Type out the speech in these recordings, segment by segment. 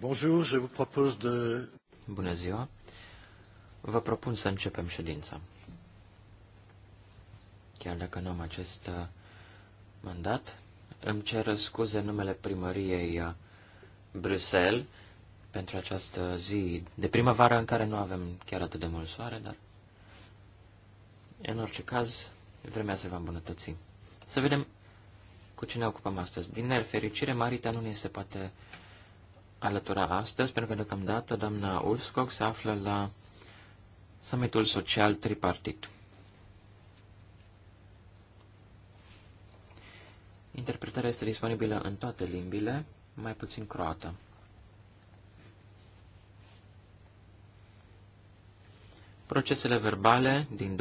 Bonjour, je vous propose de... Bună ziua. Vă propun să începem ședința. Chiar dacă nu am acest uh, mandat, îmi cer scuze în numele primăriei uh, Bruxelles pentru această zi de primăvară în care nu avem chiar atât de mult soare, dar în orice caz, vremea se va îmbunătăți. Să vedem cu ce ne ocupăm astăzi. Din nefericire, Marita nu ne se poate alătura astăzi, pentru că deocamdată doamna Ulfskog se află la summitul social tripartit. Interpretarea este disponibilă în toate limbile, mai puțin croată. Procesele verbale din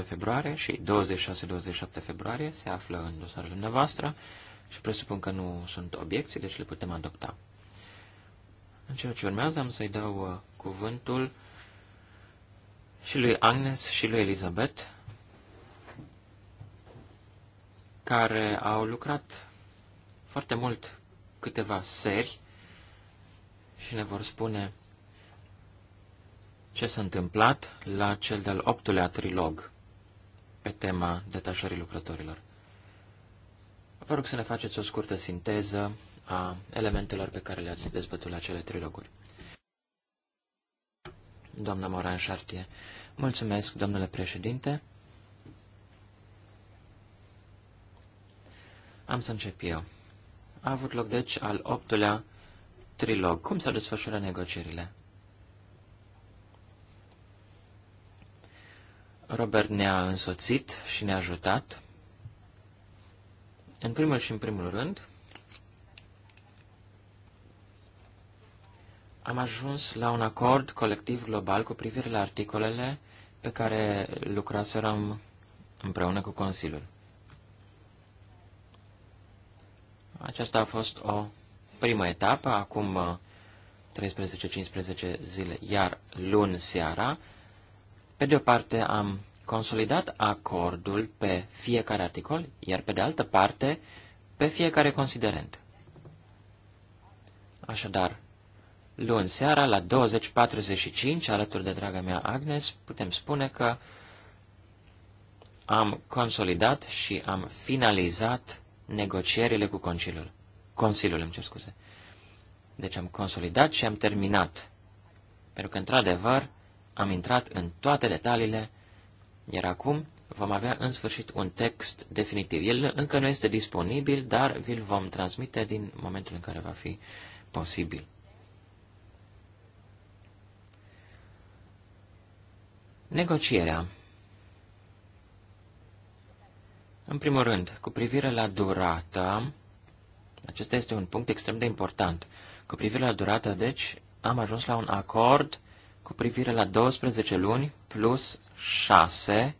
21-22 februarie și 26-27 februarie se află în dosarele noastre și presupun că nu sunt obiecții, deci le putem adopta. În ceea ce urmează am să-i dau uh, cuvântul și lui Agnes și lui Elizabeth, care au lucrat foarte mult câteva seri și ne vor spune ce s-a întâmplat la cel de-al optulea trilog pe tema detașării lucrătorilor. Vă rog să ne faceți o scurtă sinteză a elementelor pe care le-ați dezbătut la cele trei locuri. Doamna Moran Șartie, mulțumesc, domnule președinte. Am să încep eu. A avut loc, deci, al optulea trilog. Cum s-au desfășurat negocierile? Robert ne-a însoțit și ne-a ajutat. În primul și în primul rând, Am ajuns la un acord colectiv global cu privire la articolele pe care lucraserăm împreună cu Consiliul. Aceasta a fost o primă etapă, acum 13-15 uh, zile, iar luni seara. Pe de o parte am consolidat acordul pe fiecare articol, iar pe de altă parte pe fiecare considerent. Așadar, luni seara la 20.45, alături de draga mea Agnes, putem spune că am consolidat și am finalizat negocierile cu Consiliul. Consiliul, îmi cer scuze. Deci am consolidat și am terminat. Pentru că, într-adevăr, am intrat în toate detaliile, iar acum vom avea în sfârșit un text definitiv. El încă nu este disponibil, dar vi-l vom transmite din momentul în care va fi posibil. Negocierea. În primul rând, cu privire la durata, acesta este un punct extrem de important. Cu privire la durata, deci, am ajuns la un acord cu privire la 12 luni plus 6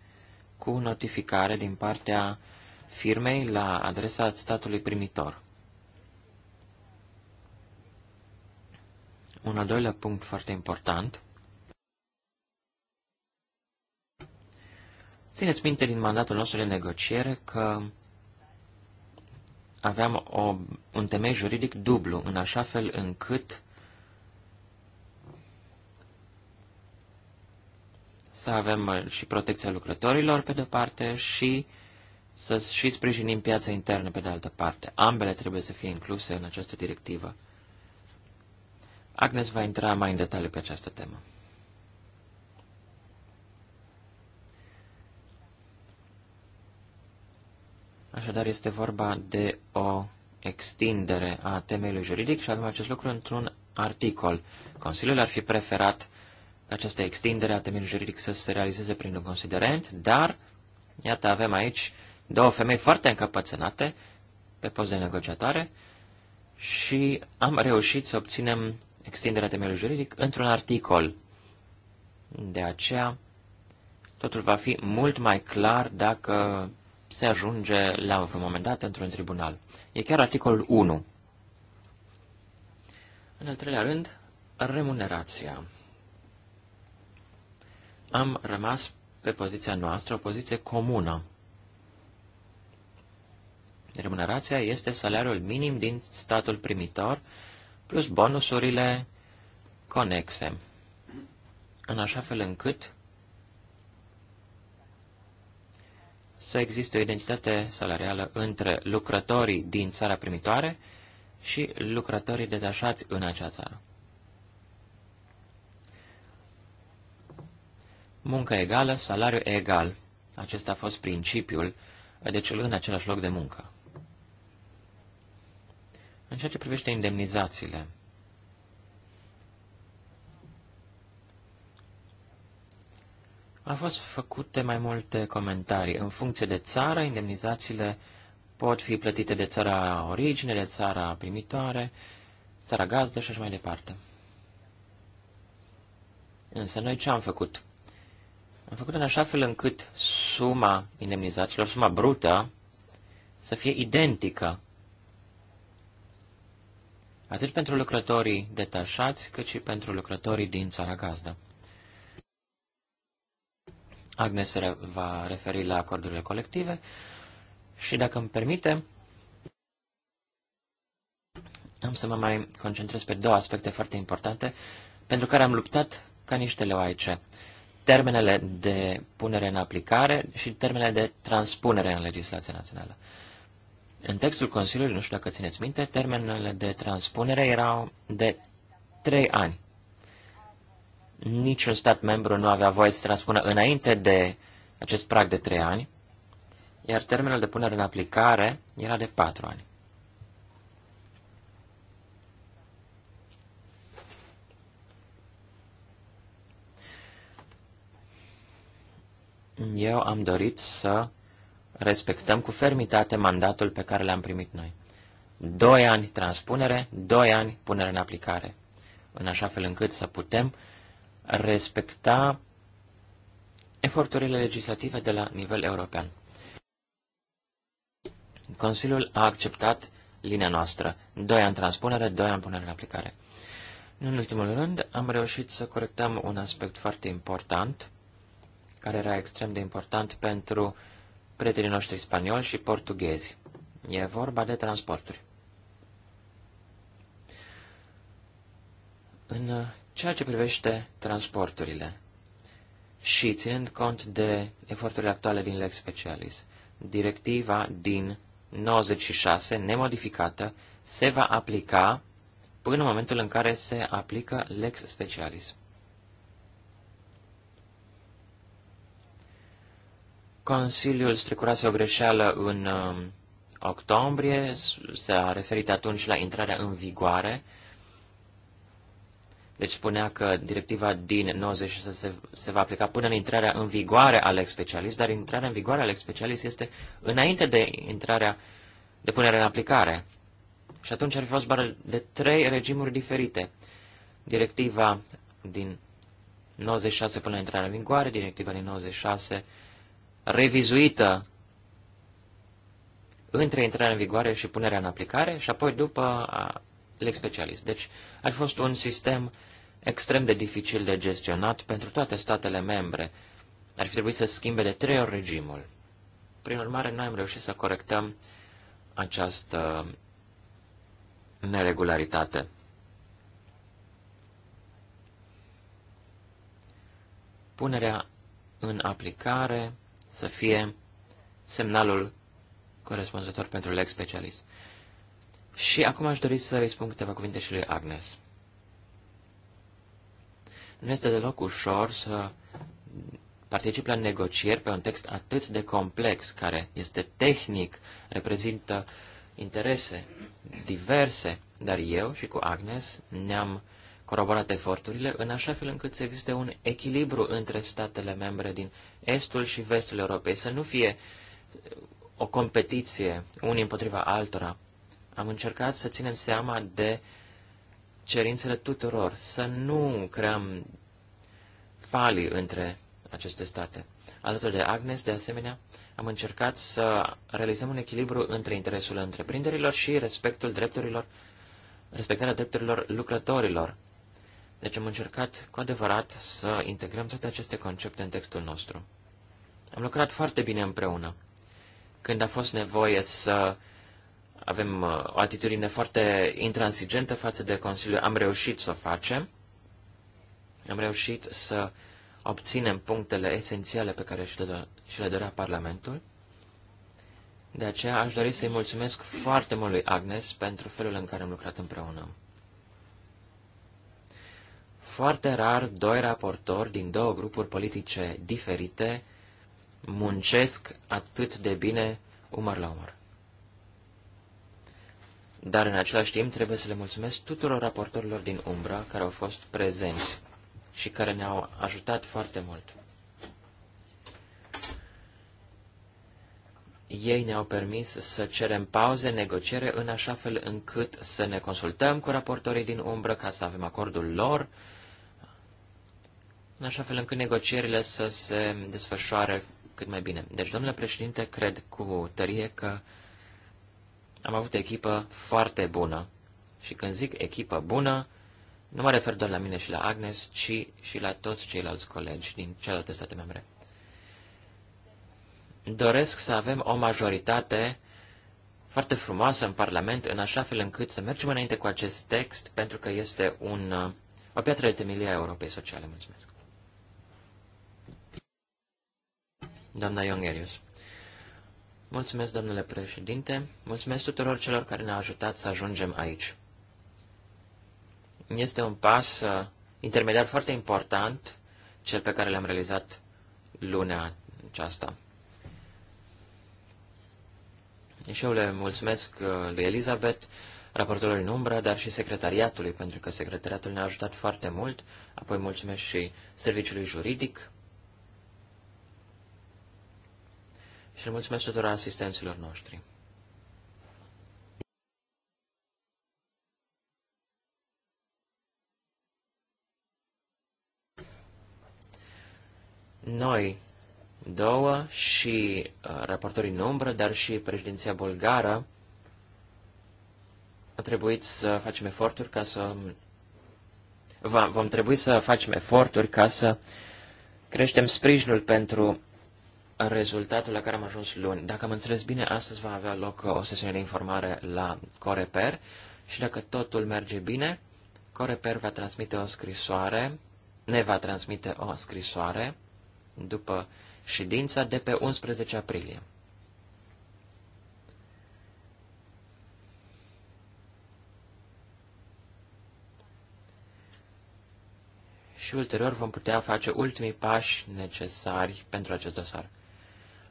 cu notificare din partea firmei la adresa statului primitor. Un al doilea punct foarte important Țineți minte din mandatul nostru de negociere că aveam o, un temei juridic dublu, în așa fel încât să avem uh, și protecția lucrătorilor pe de parte și să și sprijinim piața internă pe de altă parte. Ambele trebuie să fie incluse în această directivă. Agnes va intra mai în detaliu pe această temă. Așadar, este vorba de o extindere a temeiului juridic și avem acest lucru într-un articol. Consiliul ar fi preferat această extindere a temeiului juridic să se realizeze prin un considerent, dar, iată, avem aici două femei foarte încăpățânate pe post de negociatoare și am reușit să obținem extinderea temeiului juridic într-un articol. De aceea, totul va fi mult mai clar dacă se ajunge la un moment dat într-un tribunal. E chiar articolul 1. În al treilea rând, remunerația. Am rămas pe poziția noastră, o poziție comună. Remunerația este salariul minim din statul primitor, plus bonusurile conexe, în așa fel încât să existe o identitate salarială între lucrătorii din țara primitoare și lucrătorii detașați în acea țară. Muncă egală, salariu egal. Acesta a fost principiul, deci în același loc de muncă. În ceea ce privește indemnizațiile, Au fost făcute mai multe comentarii. În funcție de țară, indemnizațiile pot fi plătite de țara origine, de țara primitoare, țara gazdă și așa mai departe. Însă noi ce am făcut? Am făcut în așa fel încât suma indemnizațiilor, suma brută, să fie identică atât pentru lucrătorii detașați, cât și pentru lucrătorii din țara gazdă. Agnes se va referi la acordurile colective și, dacă îmi permite, am să mă mai concentrez pe două aspecte foarte importante pentru care am luptat ca niște leoaice. Termenele de punere în aplicare și termenele de transpunere în legislația națională. În textul Consiliului, nu știu dacă țineți minte, termenele de transpunere erau de trei ani niciun stat membru nu avea voie să transpună înainte de acest prag de trei ani, iar termenul de punere în aplicare era de patru ani. Eu am dorit să respectăm cu fermitate mandatul pe care l-am primit noi. Doi ani transpunere, doi ani punere în aplicare, în așa fel încât să putem uh, respecta eforturile legislative de la nivel european. Consiliul a acceptat linia noastră. Doi ani transpunere, doi ani punere în aplicare. În ultimul rând, am reușit să corectăm un aspect foarte important, care era extrem de important pentru prietenii noștri spanioli și portughezi. E vorba de transporturi. În ceea ce privește transporturile și ținând cont de eforturile actuale din Lex Specialis, directiva din 96, nemodificată, se va aplica până în momentul în care se aplică Lex Specialis. Consiliul strecurase o greșeală în um, octombrie, s-a referit atunci la intrarea în vigoare, deci spunea că directiva din 96 se, se va aplica până în intrarea în vigoare a lex specialist, dar intrarea în vigoare a lex specialist este înainte de intrarea de punere în aplicare. Și atunci ar fi fost doar de trei regimuri diferite. Directiva din 96 până la intrarea în vigoare, directiva din 96 revizuită între intrarea în vigoare și punerea în aplicare și apoi după lex specialist. Deci ar fi fost un sistem extrem de dificil de gestionat pentru toate statele membre. Ar fi trebuit să schimbe de trei ori regimul. Prin urmare, noi am reușit să corectăm această neregularitate. Punerea în aplicare să fie semnalul corespunzător pentru lex specialist. Și acum aș dori să îi spun câteva cuvinte și lui Agnes. Nu este deloc ușor să particip la negocieri pe un text atât de complex, care este tehnic, reprezintă interese diverse, dar eu și cu Agnes ne-am coroborat eforturile în așa fel încât să existe un echilibru între statele membre din estul și vestul Europei, să nu fie o competiție unii împotriva altora. Am încercat să ținem seama de cerințele tuturor, să nu creăm falii între aceste state. Alături de Agnes, de asemenea, am încercat să realizăm un echilibru între interesul întreprinderilor și respectul drepturilor, respectarea drepturilor lucrătorilor. Deci am încercat cu adevărat să integrăm toate aceste concepte în textul nostru. Am lucrat foarte bine împreună. Când a fost nevoie să avem uh, o atitudine foarte intransigentă față de Consiliu. Am reușit să o facem. Am reușit să obținem punctele esențiale pe care și le dorea Parlamentul. De aceea aș dori să-i mulțumesc foarte mult lui Agnes pentru felul în care am lucrat împreună. Foarte rar, doi raportori din două grupuri politice diferite muncesc atât de bine umăr la umăr. Dar în același timp trebuie să le mulțumesc tuturor raportorilor din Umbra care au fost prezenți și care ne-au ajutat foarte mult. Ei ne-au permis să cerem pauze, negociere, în așa fel încât să ne consultăm cu raportorii din umbră ca să avem acordul lor, în așa fel încât negocierile să se desfășoare cât mai bine. Deci, domnule președinte, cred cu tărie că am avut echipă foarte bună. Și când zic echipă bună, nu mă refer doar la mine și la Agnes, ci și la toți ceilalți colegi din celelalte state membre. Doresc să avem o majoritate foarte frumoasă în Parlament, în așa fel încât să mergem înainte cu acest text, pentru că este un, o piatră de temelie a Europei Sociale. Mulțumesc. Doamna Iongerius. Mulțumesc, domnule președinte. Mulțumesc tuturor celor care ne-au ajutat să ajungem aici. Este un pas uh, intermediar foarte important, cel pe care l-am realizat lunea aceasta. Și eu le mulțumesc uh, lui Elizabeth, raportorului în umbră, dar și secretariatului, pentru că secretariatul ne-a ajutat foarte mult. Apoi mulțumesc și serviciului juridic și le mulțumesc tuturor asistenților noștri. Noi două și uh, raportorii în umbră, dar și președinția bulgară, a trebuit să facem eforturi ca să... Va, vom trebui să facem eforturi ca să creștem sprijinul pentru rezultatul la care am ajuns luni. Dacă am înțeles bine, astăzi va avea loc o sesiune de informare la Coreper și dacă totul merge bine, Coreper va transmite o scrisoare, ne va transmite o scrisoare după ședința de pe 11 aprilie. și ulterior vom putea face ultimii pași necesari pentru acest dosar.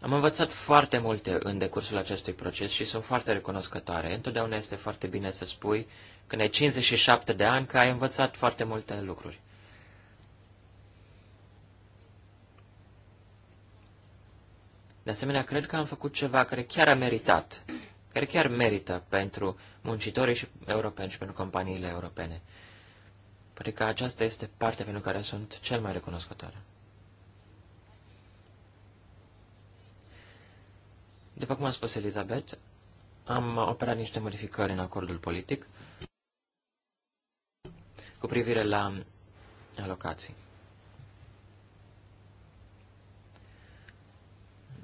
Am învățat foarte multe în decursul acestui proces și sunt foarte recunoscătoare. Întotdeauna este foarte bine să spui, când ai 57 de ani, că ai învățat foarte multe lucruri. De asemenea, cred că am făcut ceva care chiar a meritat, care chiar merită pentru muncitorii și europeni și pentru companiile europene. Pentru că adică aceasta este partea pentru care sunt cel mai recunoscătoare. După cum a spus Elizabeth, am operat niște modificări în acordul politic cu privire la alocații.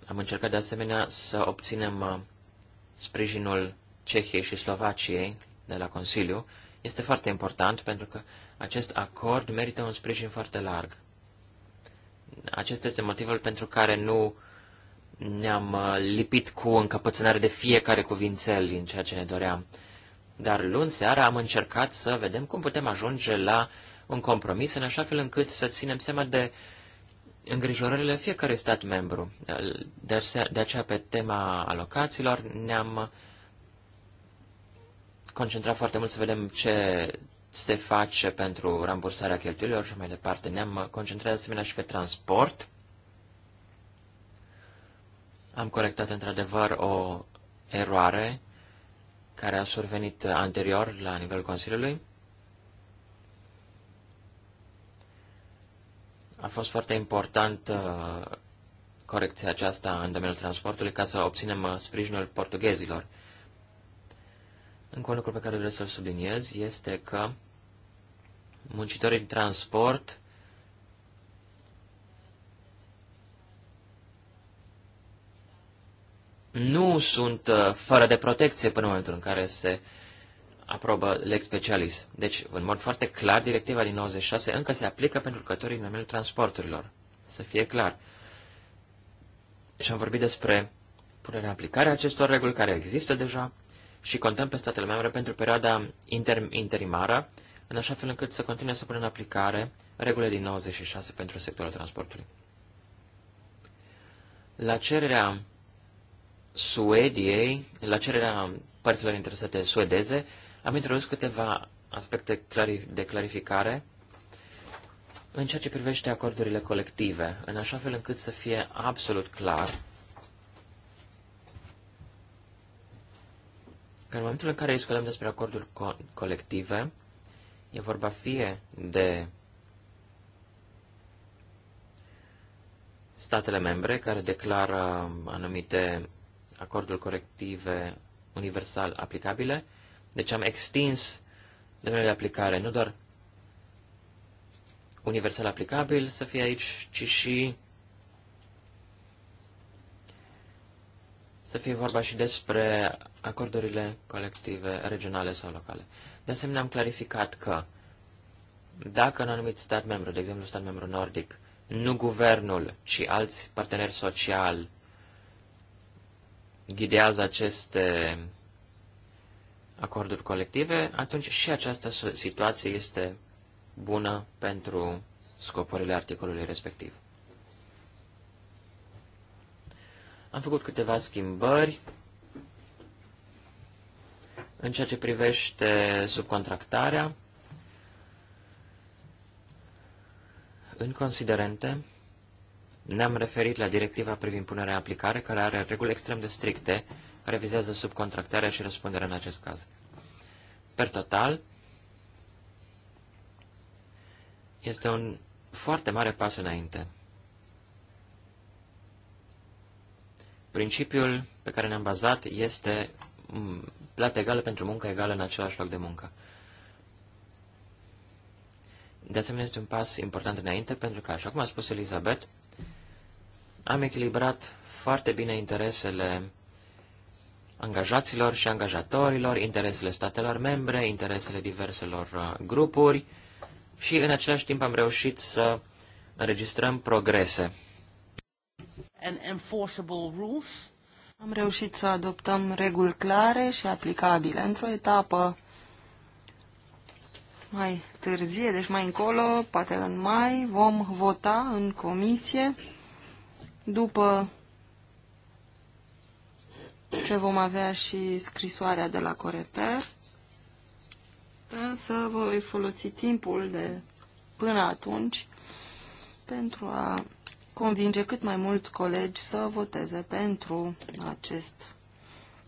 Am încercat de asemenea să obținem uh, sprijinul Cehiei și Slovaciei de la Consiliu. Este foarte important pentru că acest acord merită un sprijin foarte larg. Acesta este motivul pentru care nu ne-am uh, lipit cu încăpățânare de fiecare cuvințel din ceea ce ne doream. Dar luni seara am încercat să vedem cum putem ajunge la un compromis în așa fel încât să ținem seama de îngrijorările fiecărui stat membru. De aceea, pe tema alocațiilor, ne-am uh, concentrat foarte mult să vedem ce se face pentru rambursarea cheltuielilor și mai departe. Ne-am uh, concentrat de asemenea și pe transport am corectat într-adevăr o eroare care a survenit anterior la nivelul Consiliului. A fost foarte important uh, corecția aceasta în domeniul transportului ca să obținem uh, sprijinul portughezilor. Încă un lucru pe care vreau să-l subliniez este că muncitorii de transport nu sunt uh, fără de protecție până în momentul în care se aprobă lex specialis. Deci, în mod foarte clar, directiva din 96 încă se aplică pentru lucrătorii în domeniul transporturilor. Să fie clar. Și am vorbit despre punerea aplicare a acestor reguli care există deja și contăm pe statele membre pentru perioada inter- interimară, în așa fel încât să continue să pună în aplicare regulile din 96 pentru sectorul transportului. La cererea Suediei, la cererea părților interesate suedeze, am introdus câteva aspecte de clarificare în ceea ce privește acordurile colective, în așa fel încât să fie absolut clar că în momentul în care discutăm despre acorduri co- colective, e vorba fie de statele membre care declară anumite acordul corective universal aplicabile. Deci am extins domeniul de aplicare, nu doar universal aplicabil să fie aici, ci și să fie vorba și despre acordurile colective regionale sau locale. De asemenea, am clarificat că dacă un anumit stat membru, de exemplu stat membru nordic, nu guvernul, ci alți parteneri sociali ghidează aceste acorduri colective, atunci și această situație este bună pentru scopurile articolului respectiv. Am făcut câteva schimbări în ceea ce privește subcontractarea. În considerente, ne-am referit la directiva privind punerea în aplicare, care are reguli extrem de stricte, care vizează subcontractarea și răspunderea în acest caz. Per total, este un foarte mare pas înainte. Principiul pe care ne-am bazat este mm, plată egală pentru muncă egală în același loc de muncă. De asemenea, este un pas important înainte, pentru că, așa cum a spus Elizabeth, am echilibrat foarte bine interesele angajaților și angajatorilor, interesele statelor membre, interesele diverselor uh, grupuri și în același timp am reușit să înregistrăm progrese. Am reușit să adoptăm reguli clare și aplicabile într-o etapă mai târzie, deci mai încolo, poate în mai, vom vota în comisie după ce vom avea și scrisoarea de la Coreper, însă voi folosi timpul de până atunci pentru a convinge cât mai mulți colegi să voteze pentru acest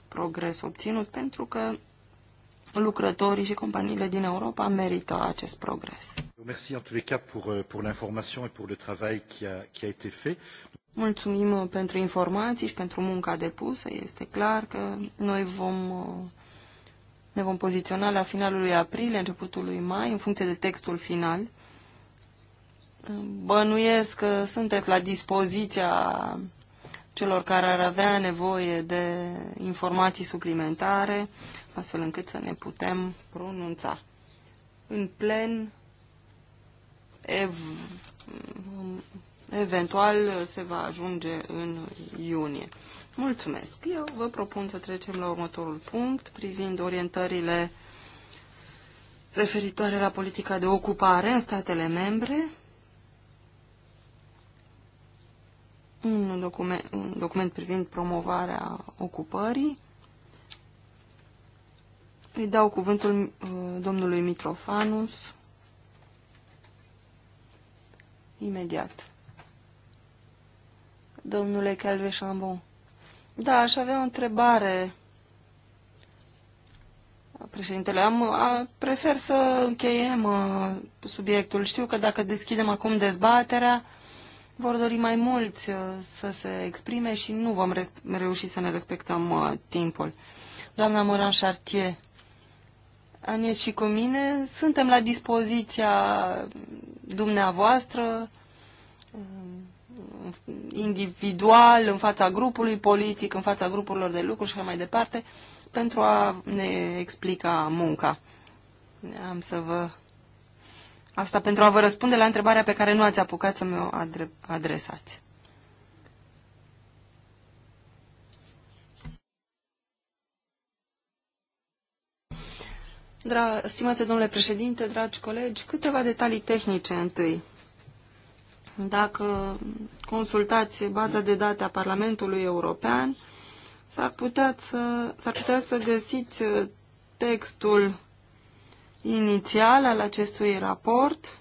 progres obținut, pentru că lucrătorii și companiile din Europa merită acest progres. Merci en tous les cas pour, euh, pour l'information et pour le travail qui a, qui a été fait. Mulțumim uh, pentru informații și pentru munca depusă. Este clar că noi vom, uh, ne vom poziționa la finalul lui aprilie, începutul lui mai, în funcție de textul final. Bănuiesc că sunteți la dispoziția celor care ar avea nevoie de informații suplimentare, astfel încât să ne putem pronunța. În plen, ev, Eventual uh, se va ajunge în iunie. Mulțumesc! Eu vă propun să trecem la următorul punct privind orientările referitoare la politica de ocupare în statele membre. Un document, un document privind promovarea ocupării. Îi dau cuvântul uh, domnului Mitrofanus imediat domnule Calve Chambon. Da, aș avea o întrebare. Președintele, am, a, prefer să încheiem a, uh, subiectul. Știu că dacă deschidem acum dezbaterea, vor dori mai mulți a, uh, să se exprime și nu vom reuși să ne respectăm a, uh, timpul. Doamna Moran Chartier, Anies și cu mine, suntem la dispoziția dumneavoastră individual, în fața grupului politic, în fața grupurilor de lucru și așa mai departe, pentru a ne explica munca. Am să vă... Asta pentru a vă răspunde la întrebarea pe care nu ați apucat să mi-o adresați. Dra- Stimate domnule președinte, dragi colegi, câteva detalii tehnice întâi. Dacă consultați baza de date a Parlamentului European, s-ar putea să, s-ar putea să găsiți uh, textul inițial al acestui raport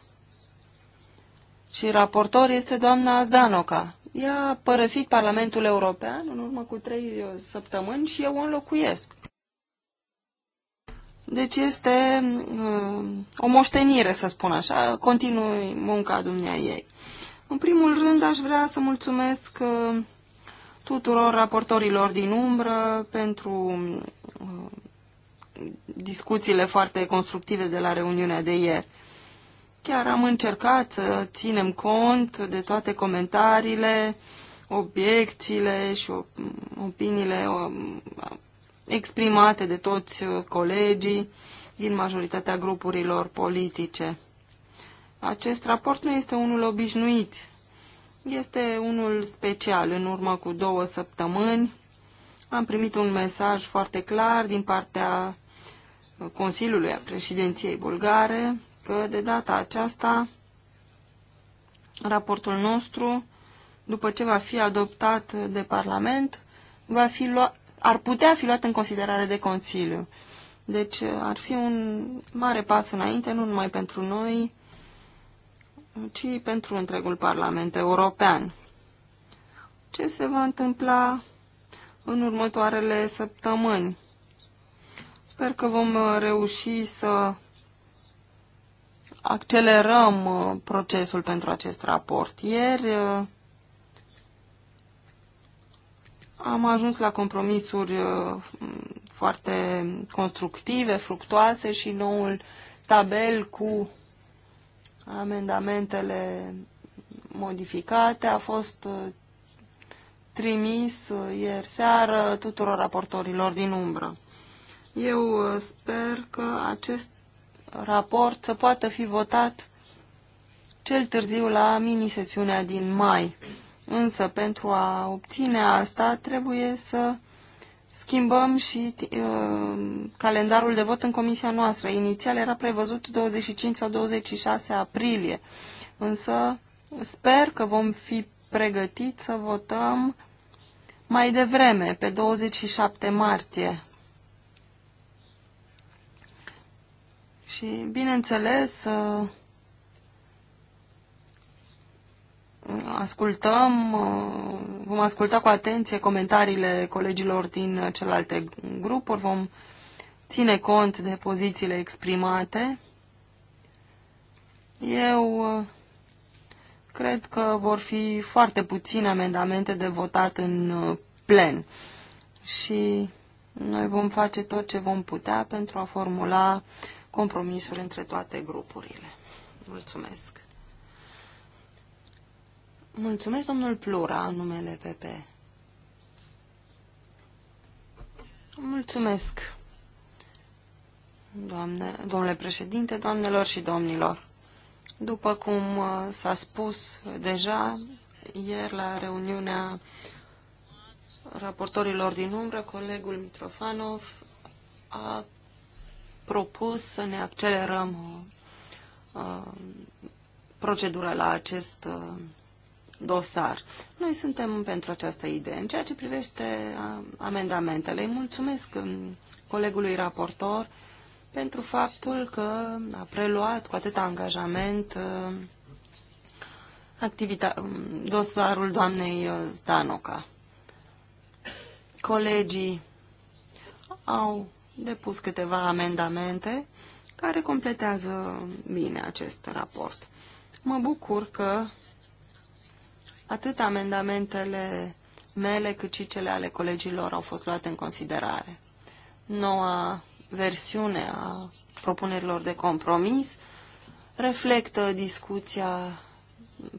și raportor este doamna Azdanoca. Ea a părăsit Parlamentul European în urmă cu trei uh, săptămâni și eu o înlocuiesc. Deci este uh, o moștenire, să spun așa, continui munca dumneai ei. În primul rând, aș vrea să mulțumesc uh, tuturor raportorilor din umbră pentru uh, discuțiile foarte constructive de la reuniunea de ieri. Chiar am încercat să ținem cont de toate comentariile, obiecțiile și opiniile uh, exprimate de toți colegii din majoritatea grupurilor politice. Acest raport nu este unul obișnuit. Este unul special. În urmă cu două săptămâni am primit un mesaj foarte clar din partea Consiliului a președinției bulgare că de data aceasta raportul nostru, după ce va fi adoptat de Parlament, va fi luat, ar putea fi luat în considerare de Consiliu. Deci ar fi un mare pas înainte, nu numai pentru noi, ci pentru întregul Parlament European. Ce se va întâmpla în următoarele săptămâni? Sper că vom uh, reuși să accelerăm uh, procesul pentru acest raport. Ieri uh, am ajuns la compromisuri foarte constructive, fructoase și noul tabel cu amendamentele modificate. A fost uh, trimis uh, ieri seară tuturor raportorilor din umbră. Eu uh, sper că acest raport să poată fi votat cel târziu la mini-sesiunea din mai. Însă, pentru a obține asta, trebuie să schimbăm și uh, calendarul de vot în comisia noastră. Inițial era prevăzut 25 sau 26 aprilie, însă sper că vom fi pregătiți să votăm mai devreme, pe 27 martie. Și, bineînțeles, uh, ascultăm, uh, vom asculta cu atenție comentariile colegilor din celelalte grupuri, vom ține cont de pozițiile exprimate. Eu uh, cred că vor fi foarte puține amendamente de votat în uh, plen și noi vom face tot ce vom putea pentru a formula compromisuri între toate grupurile. Mulțumesc! Mulțumesc, domnul Plura, în numele PP. Mulțumesc, doamne, domnule președinte, doamnelor și domnilor. După cum uh, s-a spus deja, ieri la reuniunea raportorilor din umbră, colegul Mitrofanov a propus să ne accelerăm uh, uh procedura la acest uh, dosar. Noi suntem pentru această idee. În ceea ce privește amendamentele, îi mulțumesc um, colegului raportor pentru faptul că a preluat cu atât angajament uh, activita- um, dosarul doamnei uh, Zdanoca. Colegii au depus câteva amendamente care completează bine acest raport. Mă bucur că Atât amendamentele mele cât și cele ale colegilor au fost luate în considerare. Noua versiune a propunerilor de compromis reflectă discuția,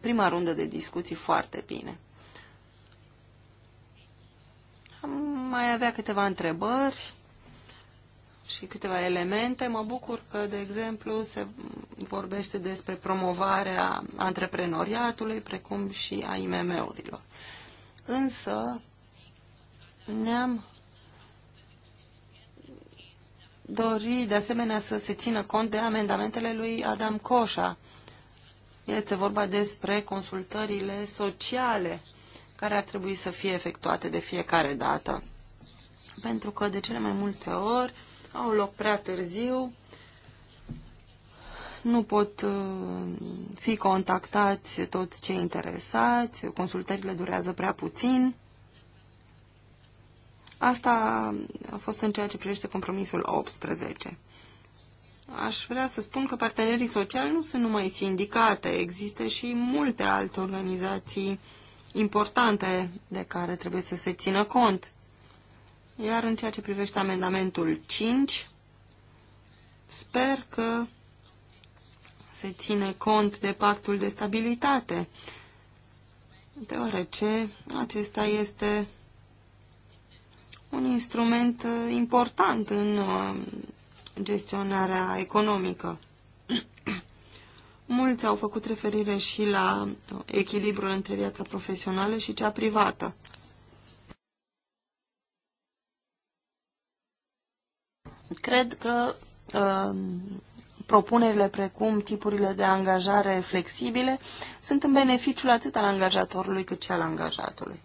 prima rundă de discuții foarte bine. Am mai avea câteva întrebări și câteva elemente. Mă bucur că, de exemplu, se vorbește despre promovarea antreprenoriatului, precum și a IMM-urilor. Însă, ne-am dori, de asemenea, să se țină cont de amendamentele lui Adam Coșa. Este vorba despre consultările sociale care ar trebui să fie efectuate de fiecare dată. Pentru că, de cele mai multe ori, au loc prea târziu, nu pot uh, fi contactați toți cei interesați, consultările durează prea puțin. Asta a fost în ceea ce privește compromisul 18. Aș vrea să spun că partenerii sociali nu sunt numai sindicate, există și multe alte organizații importante de care trebuie să se țină cont. Iar în ceea ce privește amendamentul 5, sper că se ține cont de pactul de stabilitate, deoarece acesta este un instrument uh, important în uh, gestionarea economică. Mulți au făcut referire și la uh, echilibrul între viața profesională și cea privată. Cred că um, propunerile precum tipurile de angajare flexibile sunt în beneficiul atât al angajatorului cât și al angajatului.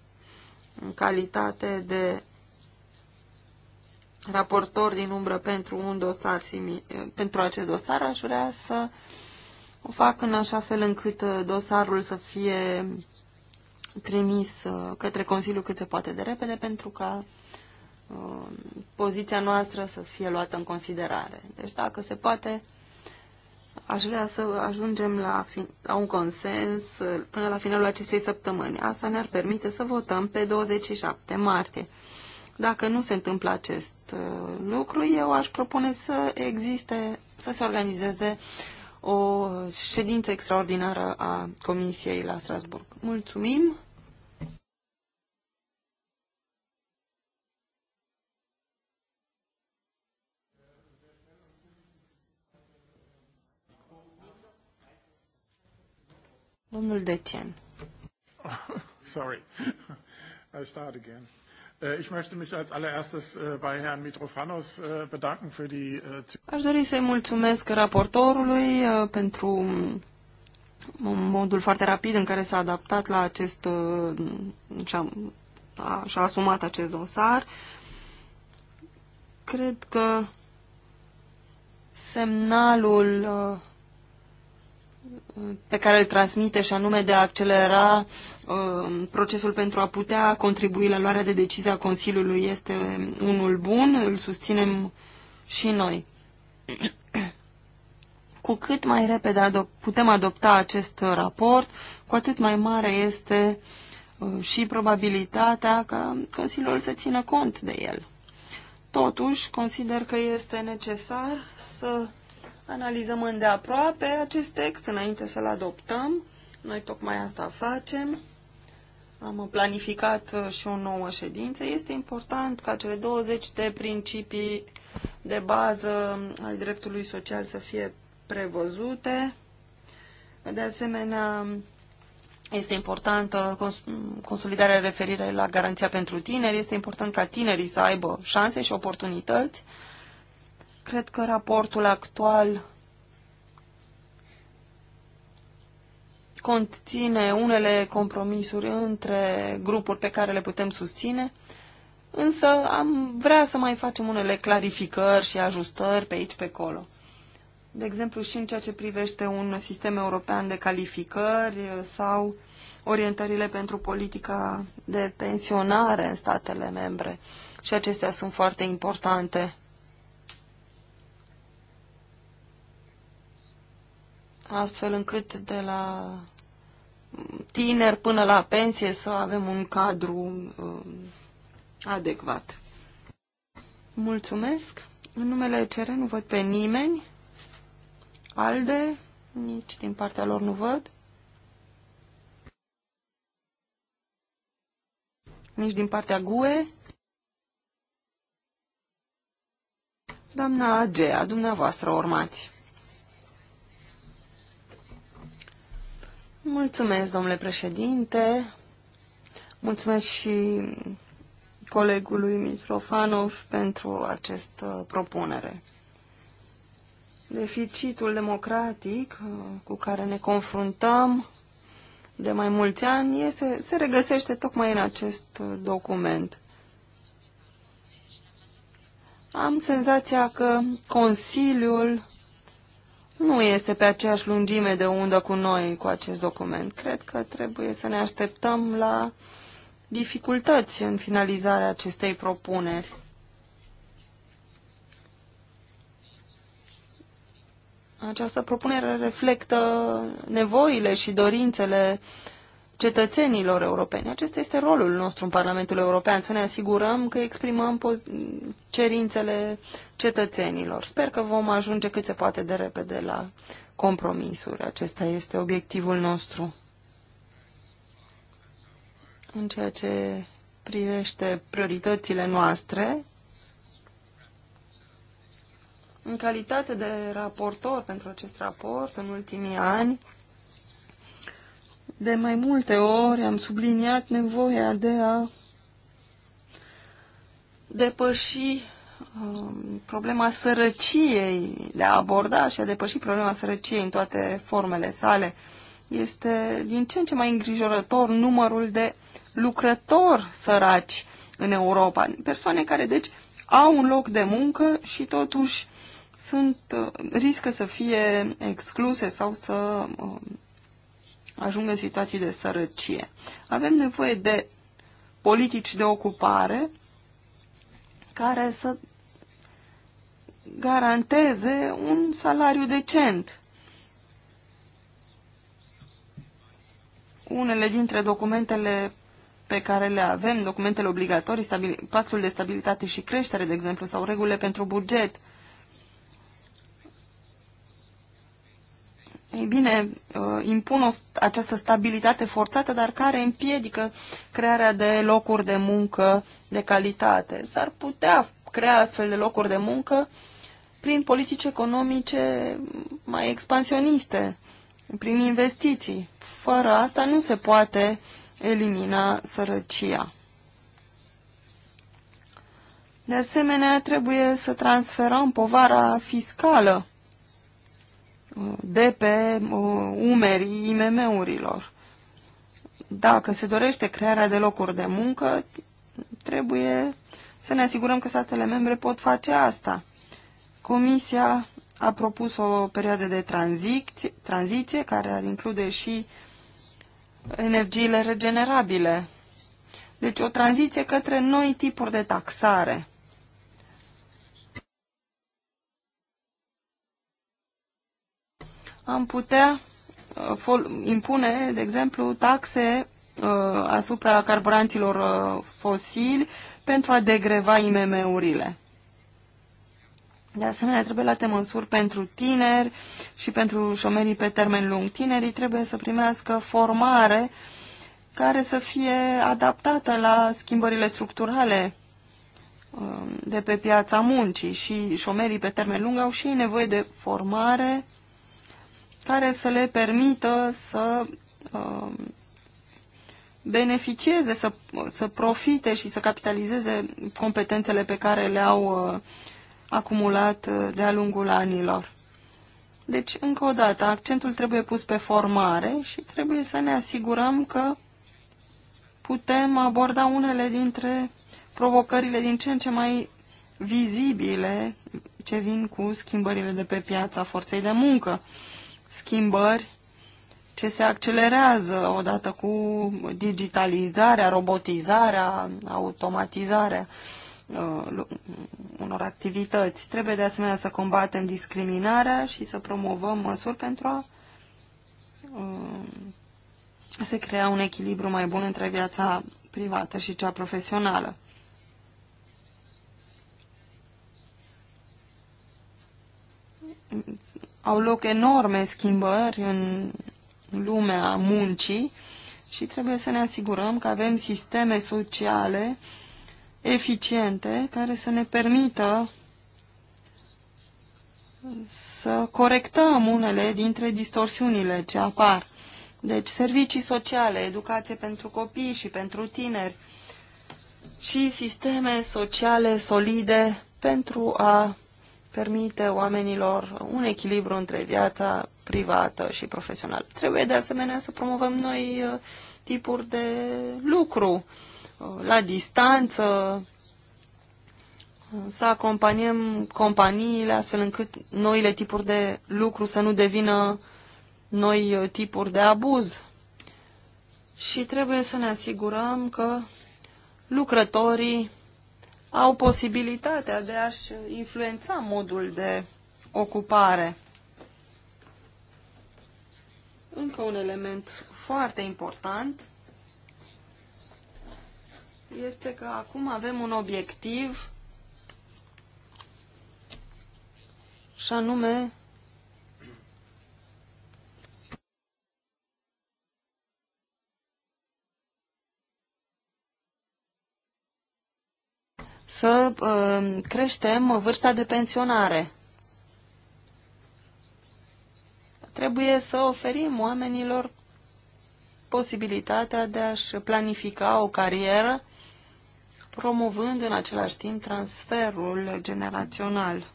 În calitate de raportor din umbră pentru, un dosar, pentru acest dosar, aș vrea să o fac în așa fel încât uh, dosarul să fie trimis uh, către Consiliu cât se poate de repede pentru ca Um, poziția noastră să fie luată în considerare. Deci dacă se poate, aș vrea să ajungem la, la un consens uh, până la finalul acestei săptămâni. Asta ne-ar permite să votăm pe 27 martie. Dacă nu se întâmplă acest uh, lucru, eu aș propune să existe, să se organizeze o ședință extraordinară a Comisiei la Strasburg. Mulțumim! Domnul Sorry. I start again. Äh, ich möchte mich als allererstes äh, bei Herrn Mitrofanos äh, bedanken für die... Aș dori să-i mulțumesc raportorului pentru mm, modul foarte rapid în care s-a adaptat la acest uh, și-a și -a asumat acest dosar. Cred că semnalul uh, pe care îl transmite și anume de a accelera um, procesul pentru a putea contribui la luarea de decizie a Consiliului este unul bun, îl susținem și noi. Cu cât mai repede adop- putem adopta acest raport, cu atât mai mare este uh, și probabilitatea ca Consiliul să țină cont de el. Totuși, consider că este necesar să analizăm îndeaproape acest text înainte să-l adoptăm. Noi tocmai asta facem. Am planificat uh, și o nouă ședință. Este important ca cele 20 de principii de bază al dreptului social să fie prevăzute. De asemenea, este importantă consolidarea referirei la garanția pentru tineri, este important ca tinerii să aibă șanse și oportunități. Cred că raportul actual conține unele compromisuri între grupuri pe care le putem susține, însă am vrea să mai facem unele clarificări și ajustări pe aici, pe acolo. De exemplu, și în ceea ce privește un sistem european de calificări sau orientările pentru politica de pensionare în statele membre. Și acestea sunt foarte importante. astfel încât de la tineri până la pensie să avem un cadru um, adecvat. Mulțumesc. În numele CR nu văd pe nimeni. Alde, nici din partea lor nu văd. Nici din partea GUE. Doamna Agea, dumneavoastră urmați. Mulțumesc, domnule președinte. Mulțumesc și colegului Mitrofanov pentru această propunere. Deficitul democratic uh, cu care ne confruntăm de mai mulți ani este, se regăsește tocmai în acest uh, document. Am senzația că Consiliul nu este pe aceeași lungime de undă cu noi cu acest document. Cred că trebuie să ne așteptăm la dificultăți în finalizarea acestei propuneri. Această propunere reflectă nevoile și dorințele uh, cetățenilor europeni. Acesta este rolul nostru în Parlamentul European, să ne asigurăm că exprimăm cerințele cetățenilor. Sper că vom ajunge cât se poate de repede la compromisuri. Acesta este obiectivul nostru. În ceea ce privește prioritățile noastre, în calitate de raportor pentru acest raport în ultimii ani, de mai multe ori am subliniat nevoia de a depăși um, problema sărăciei, de a aborda și a depăși problema sărăciei în toate formele sale. Este din ce în ce mai îngrijorător numărul de lucrători săraci în Europa. Persoane care, deci, au un loc de muncă și totuși sunt, uh, riscă să fie excluse sau să um, ajung în situații de sărăcie. Avem nevoie de politici de ocupare care să garanteze un salariu decent. Unele dintre documentele pe care le avem, documentele obligatorii, pactul de stabilitate și creștere, de exemplu, sau regulile pentru buget, ei bine, uh, impun o, această stabilitate forțată, dar care împiedică crearea de locuri de muncă de calitate. S-ar putea crea astfel de locuri de muncă prin politici economice mai expansioniste, prin investiții. Fără asta nu se poate elimina sărăcia. De asemenea, trebuie să transferăm povara fiscală de pe uh, umerii IMM-urilor. Dacă se dorește crearea de locuri de muncă, trebuie să ne asigurăm că statele membre pot face asta. Comisia a propus o perioadă de tranziție, tranziție care ar include și energiile regenerabile. Deci o tranziție către noi tipuri de taxare. am putea uh, impune, de exemplu, taxe uh, asupra carburanților uh, fosili pentru a degreva IMM-urile. De asemenea, trebuie luate măsuri pentru tineri și pentru șomerii pe termen lung. Tinerii trebuie să primească formare care să fie adaptată la schimbările structurale um, de pe piața muncii și șomerii pe termen lung au și ei nevoie de formare care să le permită să um, beneficieze, să, să profite și să capitalizeze competențele pe care le-au uh, acumulat uh, de-a lungul anilor. Deci, încă o dată, accentul trebuie pus pe formare și trebuie să ne asigurăm că putem aborda unele dintre provocările din ce în ce mai vizibile ce vin cu schimbările de pe piața forței de muncă schimbări ce se accelerează odată cu digitalizarea, robotizarea, automatizarea uh, unor activități. Trebuie de asemenea să combatem discriminarea și să promovăm măsuri pentru a uh, se crea un echilibru mai bun între viața privată și cea profesională au loc enorme schimbări în lumea muncii și trebuie să ne asigurăm că avem sisteme sociale eficiente care să ne permită să corectăm unele dintre distorsiunile ce apar. Deci servicii sociale, educație pentru copii și pentru tineri și sisteme sociale solide pentru a permite oamenilor un echilibru între viața privată și profesională. Trebuie de asemenea să promovăm noi uh, tipuri de lucru uh, la distanță, uh, să acompaniem companiile astfel încât noile tipuri de lucru să nu devină noi tipuri de abuz. Și trebuie să ne asigurăm că lucrătorii au posibilitatea de a-și influența modul de ocupare. Încă un element foarte important este că acum avem un obiectiv și anume să uh, creștem vârsta de pensionare. Trebuie să oferim oamenilor posibilitatea de a-și planifica o carieră, promovând în același timp transferul generațional.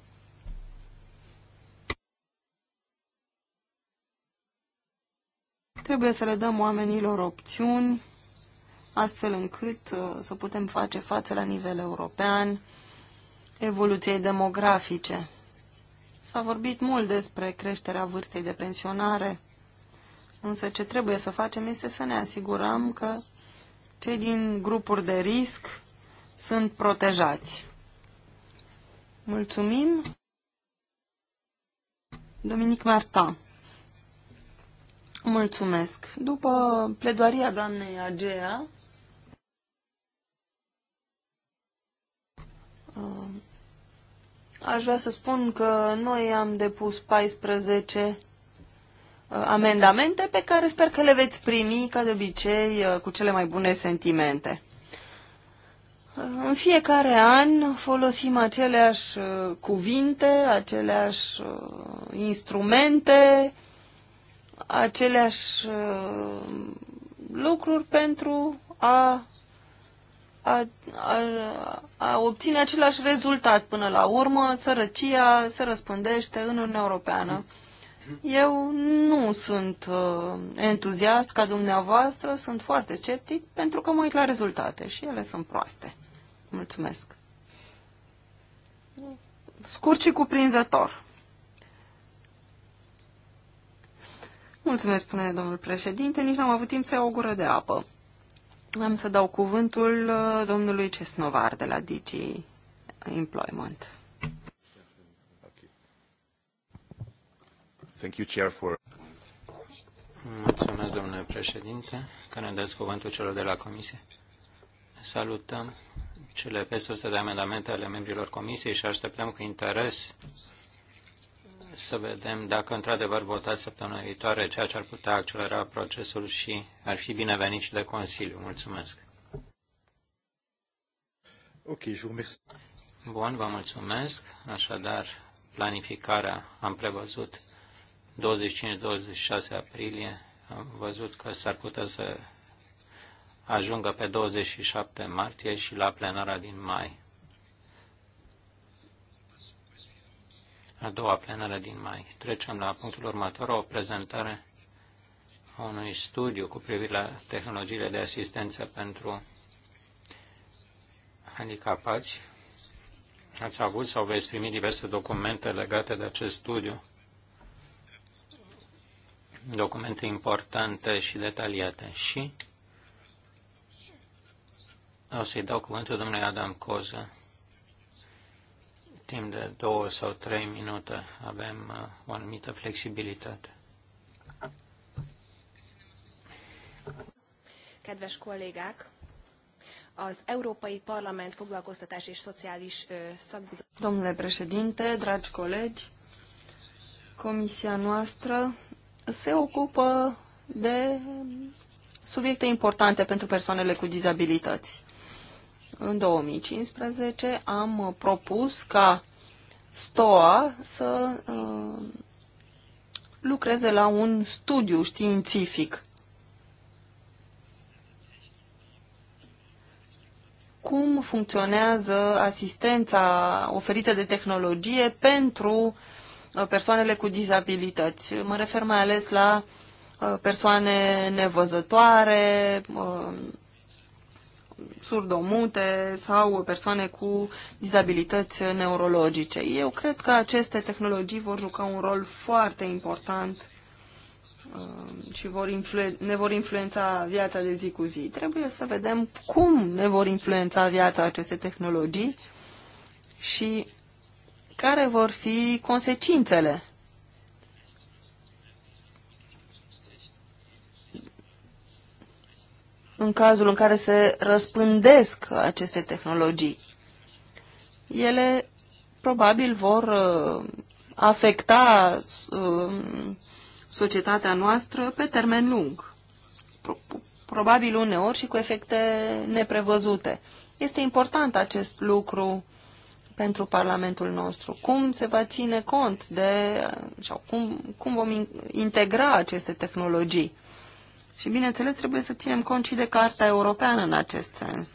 Trebuie să le dăm oamenilor opțiuni astfel încât uh, să putem face față la nivel european evoluției demografice. S-a vorbit mult despre creșterea vârstei de pensionare, însă ce trebuie să facem este să ne asigurăm că cei din grupuri de risc sunt protejați. Mulțumim! Dominic Marta. Mulțumesc. După pledoaria doamnei Agea, Uh, aș vrea să spun că noi am depus 14 uh, amendamente pe care sper că le veți primi, ca de obicei, uh, cu cele mai bune sentimente. În fiecare an folosim aceleași cuvinte, aceleași instrumente, aceleași lucruri pentru a a, a, a obține același rezultat până la urmă, sărăcia se răspândește în Uniunea Europeană. Eu nu sunt uh, entuziast ca dumneavoastră, sunt foarte sceptic pentru că mă uit la rezultate și ele sunt proaste. Mulțumesc. Scurt și cuprinzător. Mulțumesc, spune domnul președinte, nici n-am avut timp să iau o gură de apă. Am să dau cuvântul uh, domnului Cesnovar de la DG Employment. Thank you, Chair, for... Mulțumesc, domnule președinte, că ne dați cuvântul celor de la Comisie. Salutăm cele peste 100 de amendamente ale membrilor Comisiei și așteptăm cu interes să vedem dacă într-adevăr votați săptămâna viitoare, ceea ce ar putea accelera procesul și ar fi binevenit și de Consiliu. Mulțumesc. Ok, Bun, vă mulțumesc. Așadar, planificarea am prevăzut 25-26 aprilie. Am văzut că s-ar putea să ajungă pe 27 martie și la plenara din mai. a doua plenară din mai. Trecem la punctul următor, o prezentare a unui studiu cu privire la tehnologiile de asistență pentru handicapați. Ați avut sau veți primi diverse documente legate de acest studiu, documente importante și detaliate. Și o să-i dau cuvântul domnului Adam Coză timp de două sau trei minute. Avem uh, o anumită flexibilitate. Kedves kollégák, az Európai Parlament foglalkoztatás és szociális szakbizottság. Domnule președinte, dragi colegi, comisia noastră se ocupă de subiecte importante pentru persoanele cu dizabilități. În 2015 am uh, propus ca STOA să uh, lucreze la un studiu științific. Cum funcționează asistența oferită de tehnologie pentru uh, persoanele cu dizabilități? Mă refer mai ales la persoane nevăzătoare, surdomute sau persoane cu dizabilități neurologice. Eu cred că aceste tehnologii vor juca un rol foarte important uh, și vor ne vor influența viața de zi cu zi. Trebuie să vedem cum ne vor influența viața aceste tehnologii și care vor fi consecințele. în cazul în care se răspândesc aceste tehnologii. Ele probabil vor uh, afecta uh, societatea noastră pe termen lung, probabil uneori și cu efecte neprevăzute. Este important acest lucru pentru Parlamentul nostru. Cum se va ține cont de, sau cum, cum vom integra aceste tehnologii? Și, bineînțeles, trebuie să ținem cont și de Carta Europeană în acest sens.